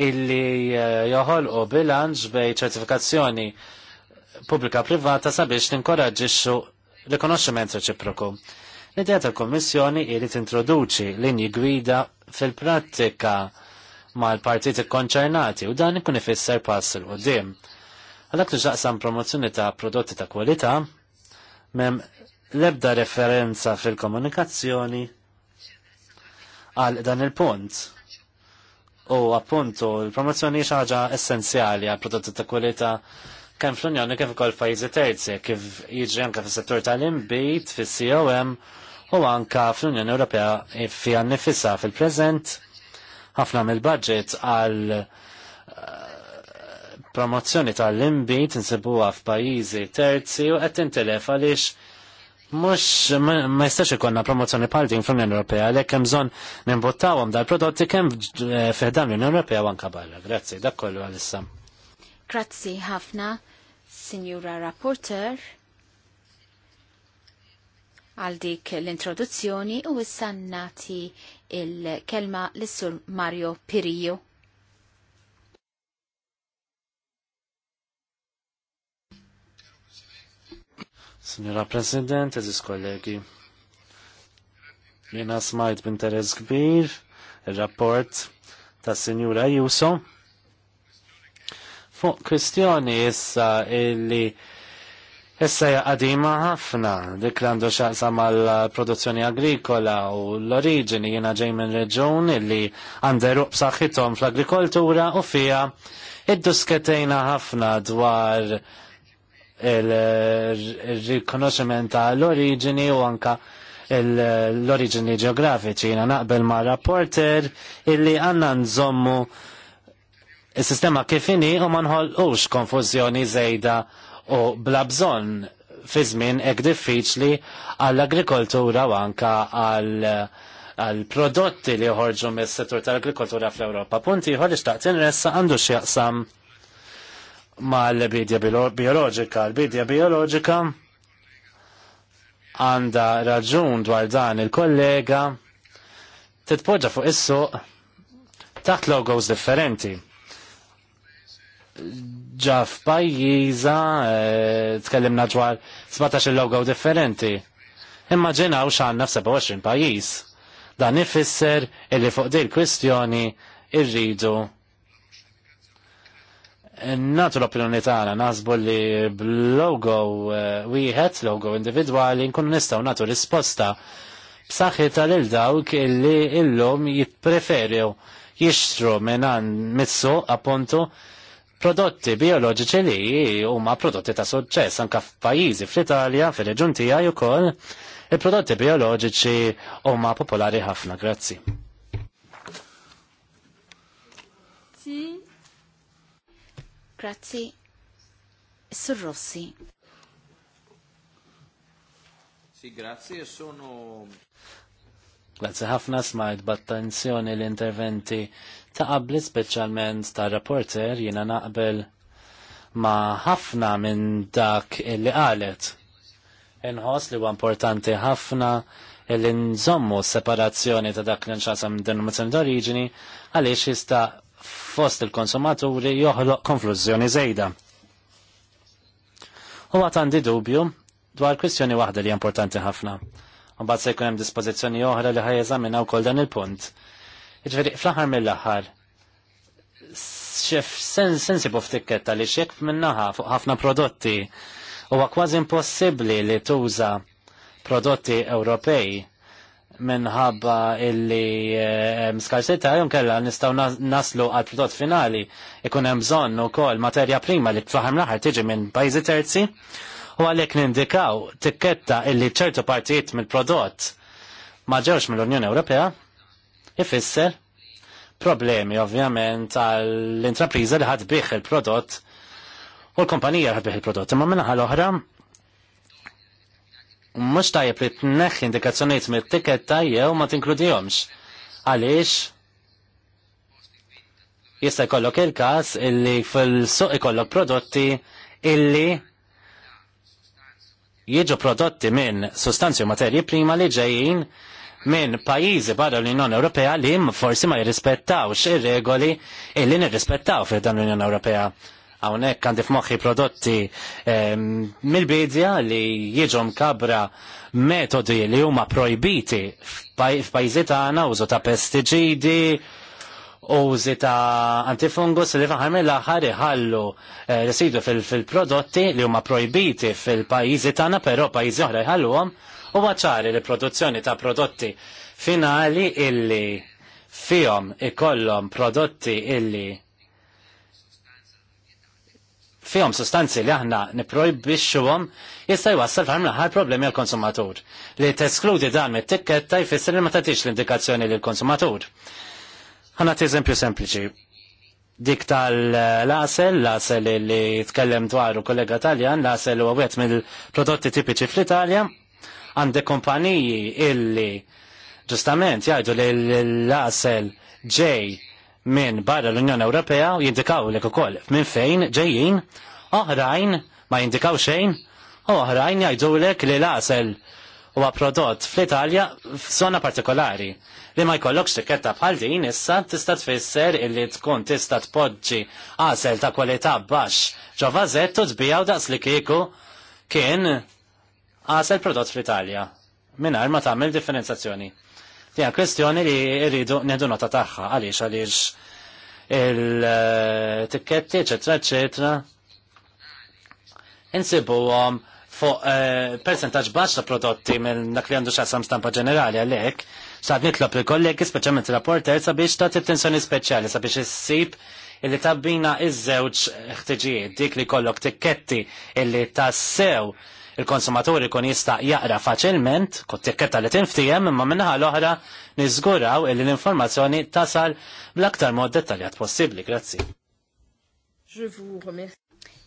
illi eh, joħolqu bilanċ bej ċertifikazzjoni pubblika privata sabiex tinkoraġġixxu rikonoxximent reċiproku. L-idea tal kommissjoni li tintroduċi linji gwida fil-prattika mal-partiti konċernati u dan ikun ifisser pass il qudiem Għalhekk tuġaqsam promozzjoni ta' prodotti ta' kwalità mem lebda referenza fil-komunikazzjoni għal dan il-punt U appunto l-promozzjoni xaġa essenzjali għal prodotti ta' kwalità kemm fl-Unjoni kif ukoll pajjiżi terzi, kif jiġri anke fis-settur tal imbit fis-COM u anka fl-Unjoni Ewropea fija nnifisha fil-preżent ħafna mill-budget għal eh, promozzjoni tal imbit insibuha f'pajjiżi terzi u qed intilef għaliex Mux, ma jistax ikonna promozzjoni bħal din fl-Unjoni Ewropea, għalhekk kemm bżonn nimbuttawhom dal-prodotti kemm fedan eh, l-Unjoni Ewropea anke barra. Grazzi, dak kollu għalissa. Grazzi ħafna, Signora Rapporter, għal dik l-introduzzjoni u issa nati il-kelma l-Sur Mario Pirillo. Signora President, eżis kollegi, jena smajt b'interess kbir il-rapport ta' Signora Juso fuq kwistjoni issa illi issa qadima ħafna dik l-għandu xaqsa mal-produzzjoni agrikola u l-oriġini jena ġej minn reġun illi għanderu b'saħħithom fl-agrikoltura u fija id-dusketejna ħafna dwar il-rikonoximent ta' l-oriġini u anka l-oriġini ġeografiċi. Jina naqbel ma' rapporter illi għanna nżommu il-sistema kifini u ma nħolqux konfuzjoni zejda u bla bżon fi żmien hekk diffiċli għall-agrikoltura u anka għall għal-prodotti li joħorġu mis-settur tal-agrikoltura fl-Ewropa. Punti ieħor ixtaqt inressa għandu x'jaqsam mal-bidja biologika. L-bidja biologika għanda raġun dwar dan il-kollega titpoġġa fuq is-suq taħt logos differenti. Ġa f'pajjiża eh, tkellimna dwar 17 logo differenti. Imma ġenaw x'għandna f'27 pajjiż. Dan ifisser illi fuq din kwistjoni irridu il Natu l-opinjoni tagħna naħsbu li b'logo eh, wieħed, logo individwali, nkunu nistgħu natu risposta b'saħħitha lil dawk li illum jippreferew jixtru minn mitsu appuntu prodotti bioloġiċi li huma prodotti ta' suċċess Anke f'pajjiżi fl-Italja, fir-reġun tiegħi wkoll, il-prodotti bioloġiċi huma popolari ħafna, grazzi. Grazzi. Sur Rossi. Sì, grazie, sono... Grazie ħafna smajt b'attenzjoni l-interventi ta' qabli speċjalment ta' rapporter jiena naqbel ma' ħafna minn dak illi qalet. Inħoss li huwa importanti ħafna li nżommu separazzjoni ta' dak li nxasam denominazzjoni d'oriġini għaliex jista' fost il-konsumaturi joħloq konfluzzjoni zejda. U għat għandi dubju dwar kwistjoni waħda li importanti ħafna. Mbagħad se jkun hemm dispożizzjoni oħra li ħajjeżamina wkoll dan il-punt. Iġveri, fl-aħħar mill-aħħar xef sensibu f'tikketta li xek minnaħa fuq ħafna prodotti huwa kważi impossibbli li tuża prodotti Ewropej minħabba illi eh, skarsita jom kella nistaw naslu għal prodott finali ikun hemm bżonn ukoll materja prima li fl l-aħħar tiġi minn pajjiżi terzi u għalhekk nindikaw tikketta illi ċertu partijiet mill-prodott ma ġewx mill-Unjoni Ewropea ifisser problemi ovvjament għall intrapriża li ħadd il-prodott u l-kumpanija ħadd bih il-prodott imma minnaħa l-oħra mux tajjeb li t-neħ indikazzjoniet mit tiket tajjeb ma t-inkludijomx. Għalix, jista' jkollok il-kas illi fil-suq ikollok prodotti illi jiġu prodotti minn sustanzi u materji prima li ġejjin minn pajizi barra l-Unjoni Ewropea li forsi ma jirrispettawx ir-regoli illi nirrispettaw fil dan l-Unjoni Ewropea. Hawnhekk għandi f'moħħi prodotti ehm, mill-bidja li jieġom kabra metodi li huma projbiti f'pajjiżi tagħna użu ta' pestiċidi użi ta' antifungus li faħar mill-aħħar iħallu eh, residu fil-prodotti li huma projbiti fil-pajjiżi tagħna però pajjiżi oħra jħalluhom u ċari li produzzjoni ta' prodotti finali illi fihom ikollhom prodotti illi fihom sostanzi li aħna niprojbixxuhom jista' jwassal fl aħħar problemi għal konsumatur Li teskludi dan mit-tikketta jfisser li ma tagħtix l-indikazzjoni lil konsumatur. Ħanat eżempju sempliċi. Dik tal-lasel, lasel li tkellem dwaru kollega Taljan, lasel huwa wieħed mill-prodotti tipiċi fl-Italja, għandek kompaniji illi ġustament jgħidu li l-lasel ġej minn barra l-Unjoni Ewropea u jindikaw li ukoll minn fejn ġejjin, oħrajn ma jindikaw xejn, u oħrajn jgħidulek li lasel u huwa prodott fl-Italja f'żona partikolari li ma jkollokx tikketta bħal din issa tista' tfisser illi tkun tista' tpoġġi qasel ta' kwalità baxx ġo vażett u tbijaw daqs li kieku kien għasel prodott fl-Italja Minar ma tagħmel differenzazzjoni. Fija kwestjoni li rridu nedu nota tagħha għaliex għaliex il-tikketti, eċetera, eċetera. Insibu għom fuq eh, percentaġġ baxx ta' prodotti minn dak li għandu xasam stampa ġenerali għalhekk, saħad nitlob li kollegi, speċjalment il-rapporter, sabiex ta' tensjoni speċjali, sabiex issib illi tabbina iż-żewġ ħtiġijiet, dik li kollok tikketti illi tassew sew il konsumatori kun jista' jaqra faċilment kot-tikketta li tinftijem imma minnaħa l-oħra niżguraw illi l-informazzjoni tasal bl-aktar mod dettaljat possibbli. Grazzi.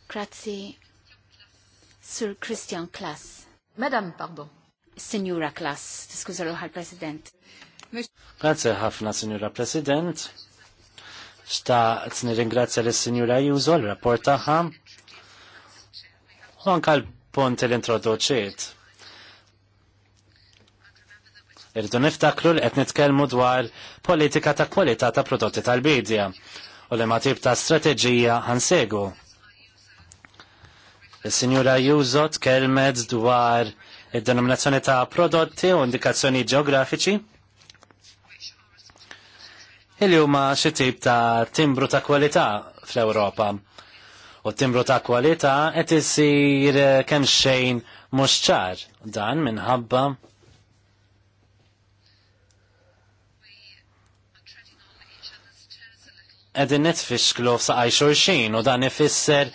Grazzi. Sur Christian Klass. Madam, pardon. Signora Klass, diskuża l President. Grazie ħafna, Signora President. Xta' t-nirringrazzja l-Signora Juzo, l-rapport taħħa. anka punt l-introduċiet. Irridu niftakru li qed nitkellmu dwar politika ta' kwalità ta' prodotti tal-bidja u li ma tip ta' strateġija ħansegu. Is-Sinjura Juzo tkellmet dwar id-denominazzjoni ta' prodotti u indikazzjoni ġeografiċi illi huma xi tip ta' timbru ta' kwalità fl-Ewropa u timbru ta' kwalità qed isir eh, kemm xejn mhux ċar dan minħabba qegħdin nitfixklu saqaj xulxin u dan ifisser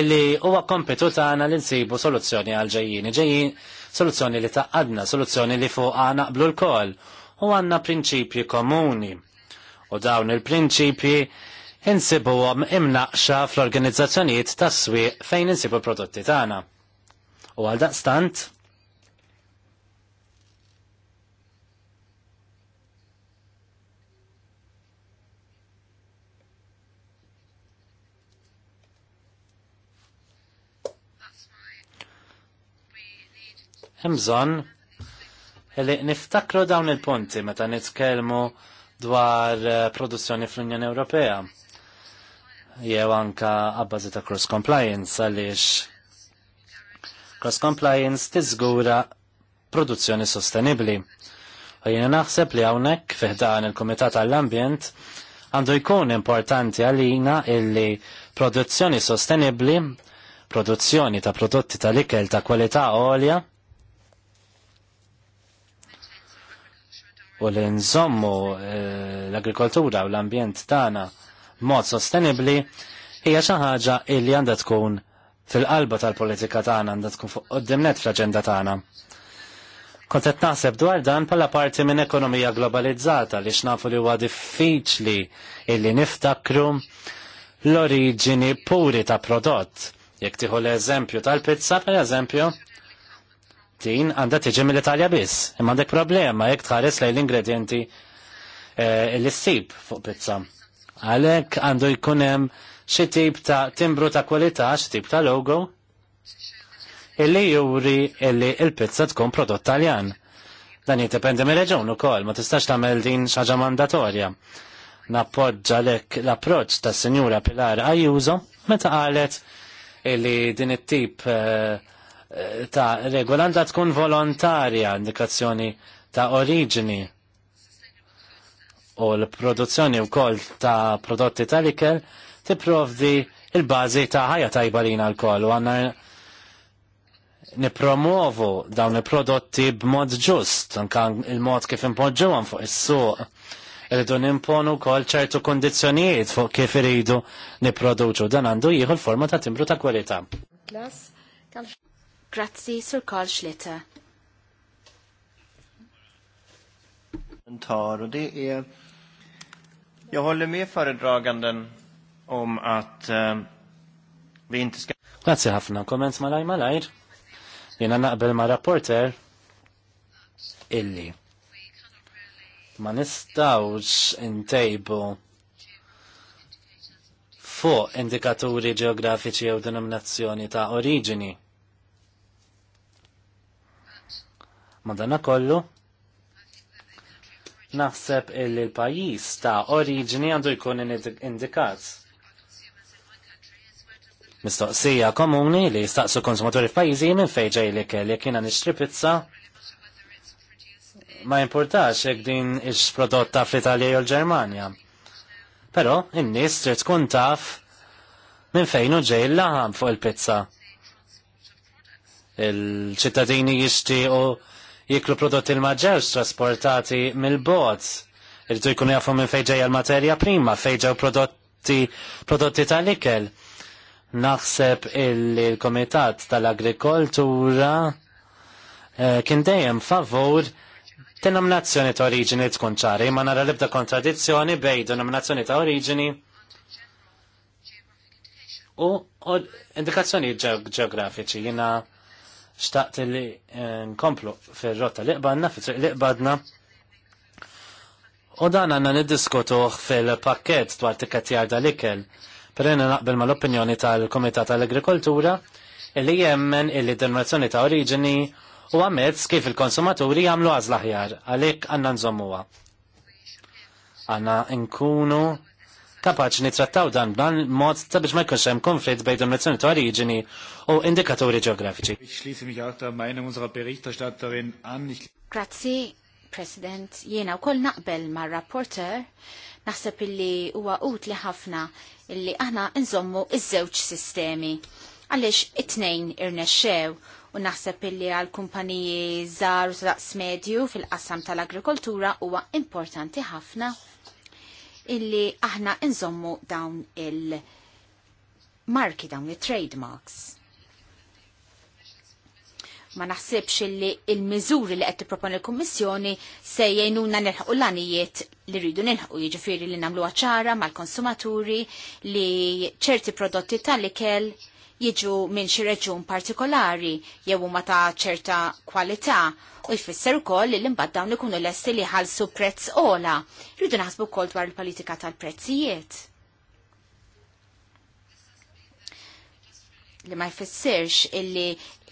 illi huwa kompetu tagħna li nsibu soluzzjoni għal ġejjin, ġejjin soluzzjoni li taqadna, soluzzjoni li fuqha naqblu l-kol u għandna prinċipji komuni. U dawn il-prinċipji insibuhom imnaqxa fl organizzazzjoniet tas-swieq fejn insibu prodotti tagħna. U għal daqstant, Hemżon li niftakru dawn il-punti meta nitkellmu dwar eh, produzzjoni fl-Unjoni Ewropea jew anka abbażi ta' cross compliance għaliex cross compliance tiżgura produzzjoni sostenibbli. U jiena naħseb li hawnhekk fih dan il-Kumitat għall-Ambjent għandu jkun importanti għalina illi produzzjoni sostenibbli, produzzjoni ta' prodotti tal-ikel ta' kwalità għolja, u li nżommu eh, l-agrikoltura u l-ambjent tagħna mod sostenibli hija xi ħaġa illi għandha tkun fil-qalba tal-politika tagħna għandha tkun fuq qoddimnet fl-aġenda tagħna. Kont qed naħseb dwar dan bħala parti minn ekonomija globalizzata li xnafu li huwa diffiċli illi niftakru l-oriġini puri ta' prodott. Jekk tieħu l-eżempju tal-pizza, per eżempju, din għandha tiġi mill-Italja biss. Imma għandek problema jekk tħares lejn l-ingredienti eh, l-issib fuq pizza. Għalhekk għandu jkun hemm xi tip ta' timbru ta' kwalità, xi tip ta' logo illi juri illi il-pizza tkun prodott Taljan. Dan jitependi mir-reġun ukoll, ma tistax tagħmel din xaġa mandatorja. Nappoġġa lek l-approċċ tas Sinjura Pilar Ajuso meta qalet illi din it-tip eh, eh, ta' regola għandha tkun volontarja indikazzjoni ta' oriġini u l-produzzjoni wkoll ta' prodotti tal-ikel tipprovdi il-bażi ta' ħajja tajba lina l-koll u għanna nipromovu dawn il-prodotti b'mod ġust, nkan il-mod kif għan fuq is-suq. Irridu nimponu wkoll ċertu kondizjonijiet fuq kif iridu nipproduċu. Dan għandu jieħu l-forma ta' timbru ta' kwalità. Grazzi, Sur kol xlita. Kommentaru, di Jag håller med föredraganden om att eh, vi inte ska... Grazie ħafna, komment malaj malajr. Jena naqbel ma' rapporter illi ma nistawx intejbu fuq indikaturi ġeografiċi jew denominazzjoni ta' oriġini. Madonna kollu, naħseb illi l-pajis ta' oriġini għandu jkun indikat. Mistoqsija komuni li jistaqsu konsumatori f'pajjiżi minn fejn li kelli kiena nixtri pizza ma importax jekk din ix prodotta fl-Italja jew l-Ġermanja. Però in-nies trid tkun taf minn fejn ġej il laħam fuq il-pizza. Il-ċittadini jixtiequ jiklu prodotti il maġġewx trasportati mill-bot. Irridu jkunu jafu minn fejġej għal-materja prima, fejġew prodotti, prodotti tal-ikel. Naħseb il-Komitat tal-Agrikoltura eh, kien dejjem favur denominazzjoni ta' oriġini tkun ċari, ma nara l-ebda kontradizzjoni bej denominazzjoni ta' oriġini u indikazzjoni ġeografiċi. Jina xtaqt li eh, nkomplu fil-rotta li qbadna, fil-triq li qbadna. U dan għanna niddiskutuħ fil-pakket dwar jarda li ikel perenna naqbel ma l-opinjoni tal-Komitat tal-Agrikoltura illi jemmen illi denominazzjoni ta' oriġini u għamezz kif il-konsumaturi jagħmlu għażla ħjar għalhekk għandna nżommuha. nkunu kapaċi nitrattaw dan b'dan mod ta' biex ma jkunx hemm konflitt bejn nazzjoni ta' oriġini u indikatori ġeografiċi. Grazzi, President, jiena wkoll naqbel mar-rapporter naħseb illi huwa utli ħafna illi aħna nżommu iż-żewġ sistemi għaliex it-tnejn irnexxew u naħseb illi għal kumpaniji żgħar u daqs medju fil-qasam tal-agrikoltura huwa importanti ħafna illi aħna nżommu dawn il-marki, dawn il-trademarks ma naħsibx illi il-miżuri li qed tipproponi l-Kummissjoni se jgħinuna nilħu l-għanijiet li rridu nilħqu jiġifieri li nagħmlu ċara mal-konsumaturi li ċerti prodotti tal-ikel jiġu minn xi reġun partikolari jew huma ta' ċerta kwalità u jfisser ukoll li mbagħad dawn ikunu lesti li ħalsu prezz ola. Rridu naħsbu wkoll dwar il-politika tal-prezzijiet. li ma jfissirx illi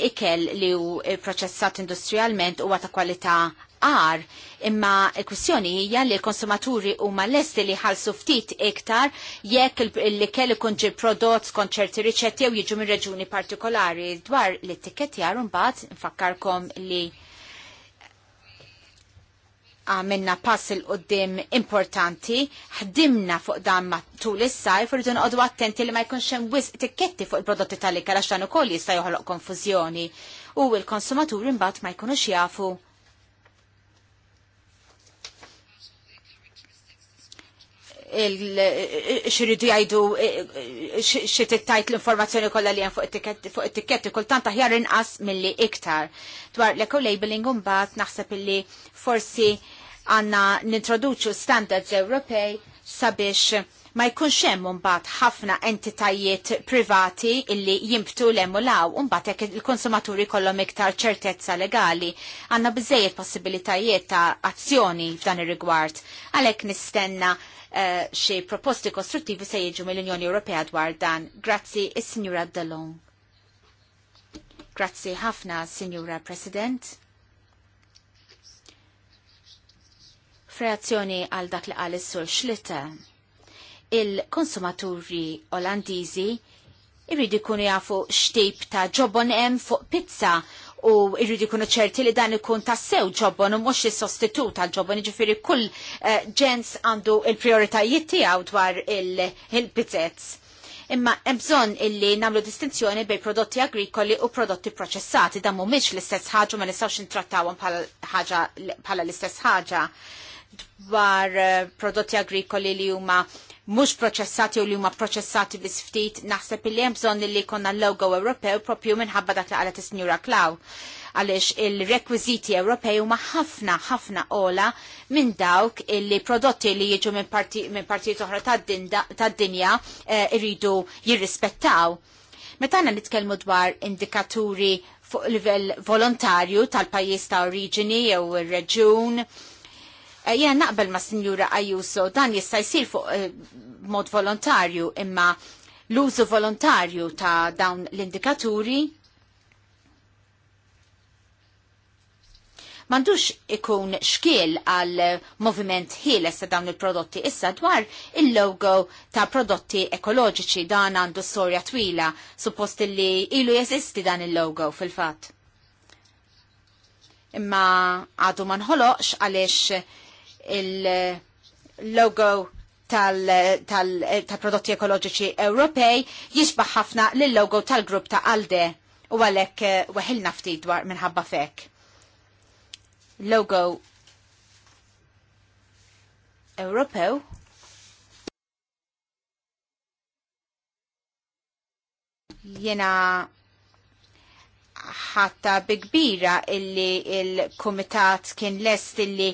ikel li hu proċessat industrialment huwa ta' kwalità ar imma kwistjoni hija li l-konsumaturi huma lesti li ħalsu ftit iktar jekk li kell ikun ġi prodott skont ċerti riċetti jew jiġu minn reġuni partikolari dwar l-ittikketjar mbagħad nfakkarkom li għamilna pass il qoddim importanti, ħdimna fuq dan tul is-sajf, rridu nqogħdu attenti li ma jkunx hemm wisq tikketti fuq il-prodotti tal-ikel għax dan ukoll jista' joħloq konfużjoni u l-konsumaturi mbagħad ma jkunux jafu xiridu jajdu xittittajt l-informazzjoni kolla li fuq it tikketti kultant aħjar inqas mill-li iktar. Dwar l-eco-labeling un-bat naħseb illi forsi għanna nintroduċu standards Ewropej sabiex ma jkunx hemm bat ħafna entitajiet privati illi jimbtu l-emulaw mbagħad jekk il-konsumaturi kollom iktar ċertezza legali għandna biżejjed possibilitajiet ta' azzjoni f'dan ir-rigward. Għalhekk nistenna xie eh, xi proposti kostruttivi se jiġu mill-Unjoni Ewropea dwar dan. Grazzi il signora Dallon. Grazzi ħafna, Signora President. Freazzjoni għal dak li qal is-sur Schlitter. Il-konsumaturi Olandiżi irridu jkunu jafu xtip ta' ġobon hemm fuq pizza u irridu jkunu ċerti li dan ikun tassew ġobbon u mhux is-sostitut tal ġobbon jiġifieri kull ġens eh, għandu il-prioritajiet tiegħu dwar il-bizzezz. Imma hemm bżonn illi nagħmlu distinzjoni bejn prodotti agrikoli u prodotti proċessati dan mhumiex l-istess ħaġa ma nistgħux intrattawhom bħala l-istess ħaġa dwar eh, prodotti agrikoli li huma mhux proċessati u li huma proċessati biss ftit naħseb li hemm bżonn li jkollna logo Ewropew propju minħabba dak li qalet is-Sinjura Klaw għaliex il-rekwiżiti Ewropej huma ħafna ħafna ola minn dawk li prodotti li jiġu minn partijiet oħra tad-dinja eh, iridu jirrispettaw. Meta għanna nitkellmu dwar indikaturi fuq livell volontarju tal-pajjiż ta' oriġini jew ir-reġun, Eh, jen naqbel ma' Sinjura Ajuso, dan jista' jsir fuq eh, mod volontarju imma l-użu volontarju ta' dawn l-indikaturi mandux ikun xkiel għal moviment ħieles ta' dawn il-prodotti issa dwar il-logo ta' prodotti ekoloġiċi dan għandu storja twila suppost li ilu jeżisti dan il-logo fil-fat. Imma għadu manħoloqx għalix il-logo tal-prodotti ekoloġiċi Ewropej jisbaħ ħafna lill-logo tal-grupp ta' Alde u għalhekk eh, weħilna ftit dwar minħabba fek. Logo Ewropew jena ħatta bi kbira illi il-komitat kien lest illi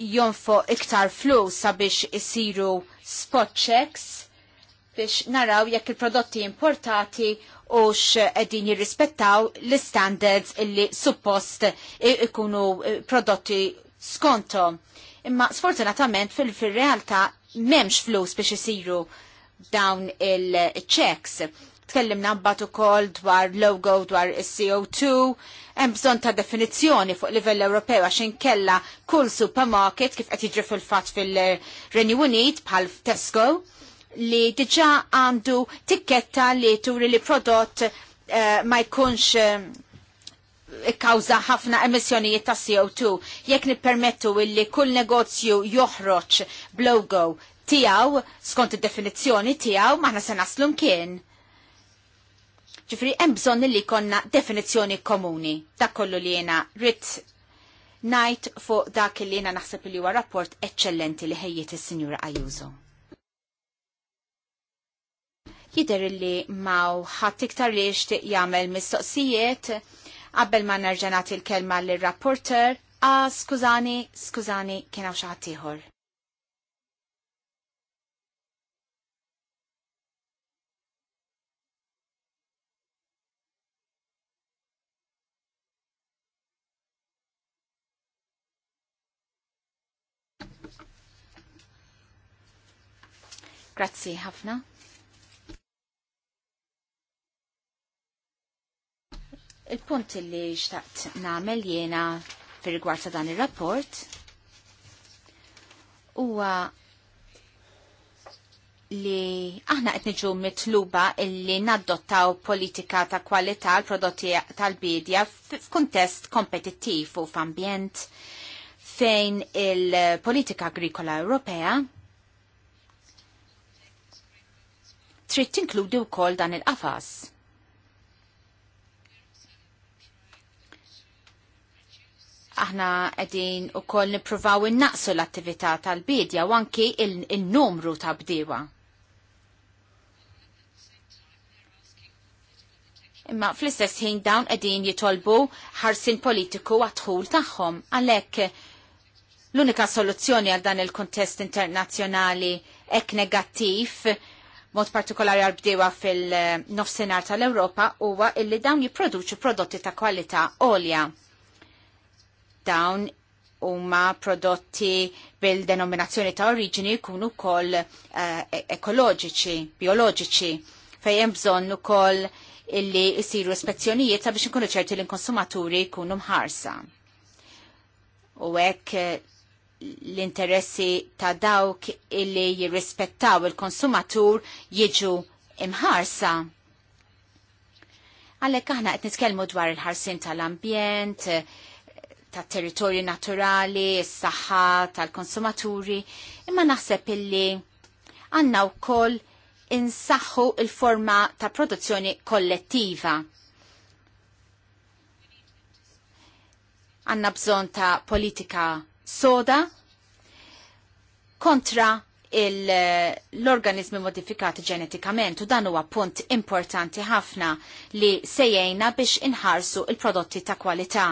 jonfo iktar flus sabiex isiru spot checks biex naraw jekk il-prodotti importati u x'qegħdin jirrispettaw l-standards illi suppost ikunu eh, prodotti skonto. Imma sfortunatament fil-realtà m'hemmx flus biex isiru dawn il-checks. Tkellimna mbagħad kol dwar logo dwar il co 2 Hemm bżonn ta' definizzjoni fuq livell Ewropew għax inkella kull supermarket kif qed jiġri fil-fatt fil-Renju Unit bħal Tesco li diġà għandu tikketta li turi li prodott uh, ma jkunx uh, ħafna emissjonijiet ta' CO2. Jekk nippermettu li kull negozju joħroġ blogo tiegħu skont id-definizzjoni tiegħu maħna se naslu kien. Ġifri, hemm bżonn li konna definizzjoni komuni. ta' kollu li jena rit najt fuq dak li jena naħseb li huwa rapport eccellenti li ħejjiet is-Sinjura Ajuso jider li maw ħadd iktar li jixtieq jagħmel mistoqsijiet qabel ma nerġa' nagħti kelma lir-rapporter. Ah, skużani, skużani, kien hawn ieħor. Grazzi ħafna. Il-punt li xtaqt namel jena fir rigward ta' dan ir-rapport huwa li aħna qed niġu mitluba illi naddottaw politika ta' kwalità l prodotti tal-bidja f'kuntest kompetittiv u f'ambjent fejn il-politika agrikola Ewropea trid tinkludi wkoll dan il-qafas. aħna qegħdin ukoll nippruvaw innaqsu l-attività tal-bidja u anki il-numru ta' bdiewa. Imma fl-istess ħin dawn qegħdin jitolbu ħarsin politiku għadħul tagħhom għalhekk l-unika soluzzjoni għal dan il-kontest internazzjonali ek negattiv mod partikolari għal bdewa fil-nofsenar tal-Europa huwa illi dawn jipproduċu prodotti ta' kwalità olja. Dawn huma prodotti bil-denominazzjoni ta' oriġini jkunu wkoll uh, ekoloġiċi, bioloġiċi, fejn hemm bżonn ukoll illi jsiru ispezzjonijiet sabiex nkunu ċerti l-konsumaturi jkunu mħarsa. U hekk eh, l-interessi ta' dawk illi jirrispettaw il-konsumatur jiġu imħarsa. Għalek aħna qed nitkellmu dwar il-ħarsin tal-ambjent, ta' territorju naturali, s-saħħa tal-konsumaturi, imma naħseb illi għanna wkoll insaħħu il-forma ta' produzzjoni kollettiva. Għanna bżon ta' politika soda kontra l-organizmi modifikati ġenetikament u dan huwa punt importanti ħafna li sejjejna biex inħarsu il-prodotti ta' kwalità.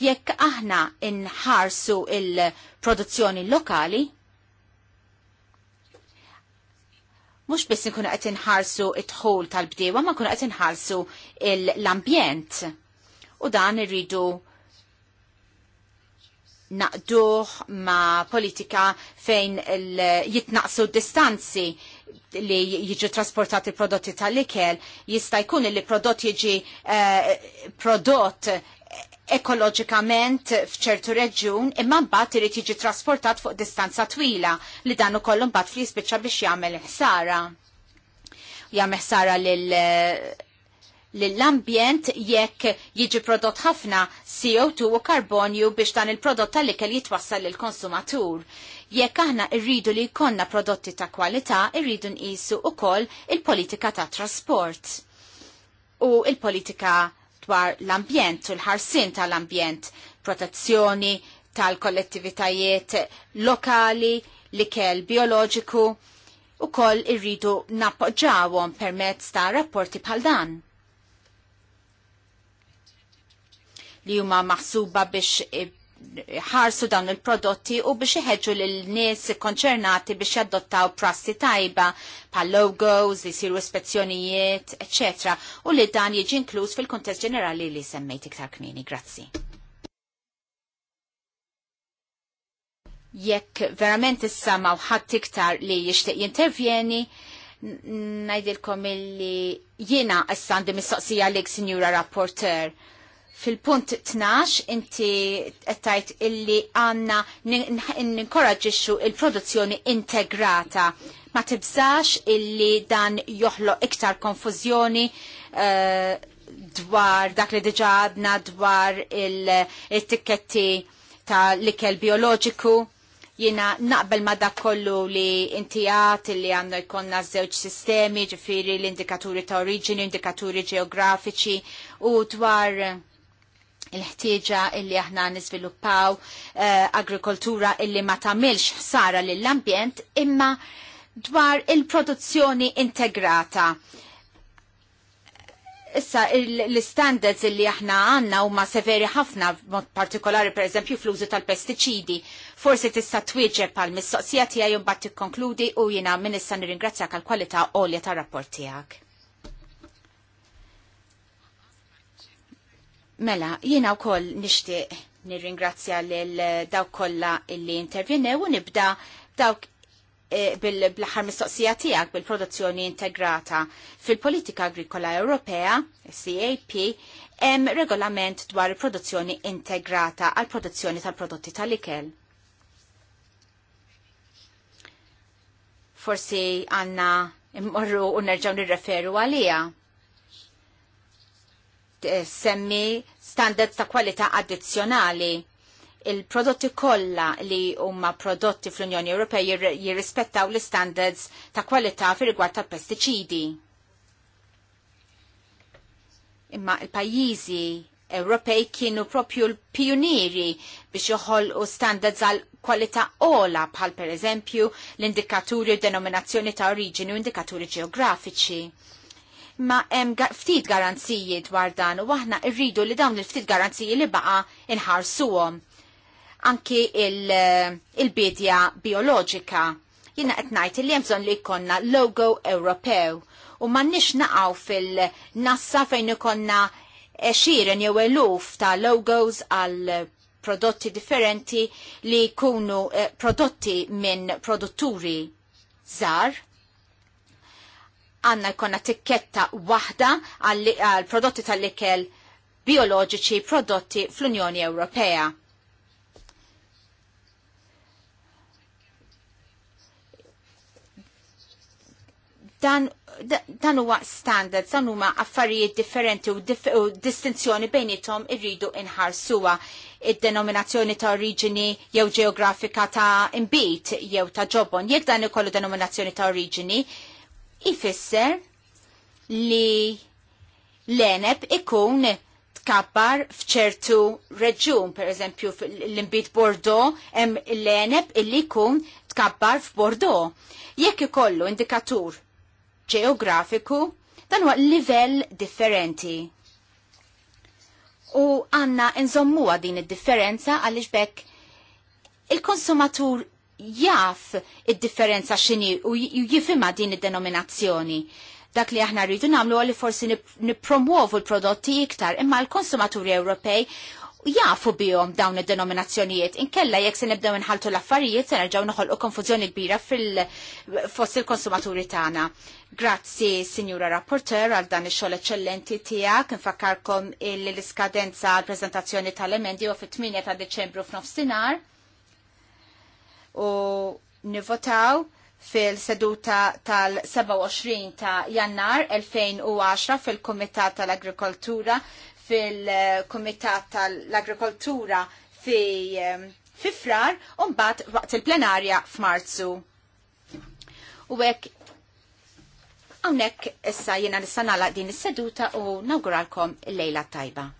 Jekk aħna inħarsu il-produzzjoni lokali, mux biss nkunu qed inħarsu it-tħol tal-bdiewa, ma nkunu qed inħarsu l-ambjent. U dan irridu naqduh ma' politika fejn jitnaqsu distanzi li jiġu trasportati prodotti tal-ikel, jista' jkun li prodott jiġi eh, prodott ekoloġikament fċertu reġjun imma mbagħad irid jiġi trasportat fuq distanza twila li dan ukoll mbagħad fl biex jagħmel ħsara. Jagħmel ħsara lil eh, l-ambjent jekk jiġi prodott ħafna CO2 u karbonju biex dan il-prodott tal-ikel jitwassal l-konsumatur. Jekk aħna irridu li jkonna prodotti ta' kwalità, irridu nqisu ukoll il-politika ta' trasport u il-politika dwar l-ambjent u l-ħarsin tal-ambjent, protezzjoni tal-kollettivitajiet lokali, l-ikel bioloġiku u koll irridu nappoġġawhom permezz ta' rapporti bħal dan. li huma maħsuba biex ħarsu dawn il-prodotti u biex iħedġu lil nies konċernati biex jadottaw prassi tajba pa' logos li jsiru ispezzjonijiet, etc. u li dan jiġi inkluż fil-kuntest ġenerali li semmejt iktar kmini. Grazzi. jekk verament issa ma ħadd iktar li jixtieq jintervjeni, ngħidilkom illi jiena issa għandi mistoqsija lek Sinjura Rapporter Fil-punt 12 inti għettajt illi għanna ninkoraġiċu il-produzzjoni integrata. Ma tibżax illi dan joħlo iktar konfuzjoni eh, dwar dak li diġà għadna dwar il-tikketti ta' l-ikel bioloġiku jina naqbel ma dak kollu li intijat li għanna jkonna żewġ sistemi, ġifiri l-indikaturi ta' oriġini, indikaturi ġeografiċi u dwar il-ħtieġa illi aħna niżviluppaw uh, agrikoltura illi ma tagħmilx sara lill-ambjent imma dwar il-produzzjoni integrata. Issa l-standards illi aħna għanna huma severi ħafna mod partikolari per eżempju fl-użu tal-pestiċidi. Forsi tista' twieġeb għal mistoqsija tiegħi u mbagħad tikkonkludi u jiena minissa issa nirringrazzjak għall kwalità għolja tar-rapport tiegħek. Mela, jiena wkoll nixtieq nirringrazzja lil dawk kollha illi intervjenew u nibda dawk e, bil-aħħar mistoqsija tiegħek bil-produzzjoni integrata fil-politika agrikola Ewropea, CAP, hemm regolament dwar il-produzzjoni integrata għal produzzjoni tal-prodotti tal-ikel. Forsi għanna imorru u nerġaw nirreferu għalija Eh, semmi standards ta' kwalità addizzjonali. Il-prodotti kollha li huma prodotti fl-Unjoni Ewropea jirrispettaw l standards ta' kwalità fir rigward ta' pestiċidi. Imma il-pajjiżi Ewropej kienu propju l pioniri biex joħolqu standards għal kwalità ola bħal pereżempju l-indikaturi u denominazzjoni ta' oriġini u indikaturi ġeografiċi ma hemm ftit garanziji dwar dan u aħna rridu li dawn il-ftit garanziji li baqa inħarsuhom. Anki eh, il-bidja il bioloġika. Jina qed ngħid li hemm bżonn li jkollna logo Ewropew u m'għandniex naqgħu fil-nassa fejn ikonna xiren jew eluf ta' logos għal prodotti differenti li jkunu eh, prodotti minn produtturi żgħar għanna jkonna tikketta wahda għal prodotti tal-ikel bioloġiċi prodotti fl-Unjoni Ewropea. Dan dan huwa standard, dan huma affarijiet differenti u, dif u distinzjoni bejnietom irridu inħarsuwa id-denominazzjoni ta' oriġini jew ġeografika ta' imbit jew ta' ġobon. Jekk dan ikollu denominazzjoni ta' oriġini, ifisser li l-eneb ikun tkabbar fċertu reġun, per eżempju l-imbit Bordeaux, hemm l-eneb illi jkun tkabbar f'Bordeaux. Jekk ikollu indikatur ġeografiku, dan huwa livell differenti. U għanna nżommuha din id-differenza għaliex bekk il-konsumatur jaf id-differenza xini u jifima din id-denominazzjoni. Dak li aħna rridu namlu għalli forsi nipromuovu l-prodotti iktar, imma l-konsumaturi Ewropej jafu bihom dawn id-denominazzjonijiet. Inkella jekk se nibdew inħaltu l-affarijiet se nerġgħu noħolqu konfużjoni kbira fil fost il-konsumaturi tagħna. Grazzi, Sinjura Rapporteur, għal dan ix-xogħol eċċellenti tiegħek. Infakkarkom l-iskadenza għall preżentazzjoni tal-emendi u fit-8 ta' Deċembru f'nofsinhar u nivotaw fil-seduta tal-27 ta' jannar 2010 fil-Komitat tal-Agrikoltura fil-Komitat tal-Agrikoltura fi fifrar un bat waqt il-plenarja f'Marzu. U hekk hawnhekk issa jiena nista' nagħlaq din is-seduta u nawguralkom il-lejla tajba.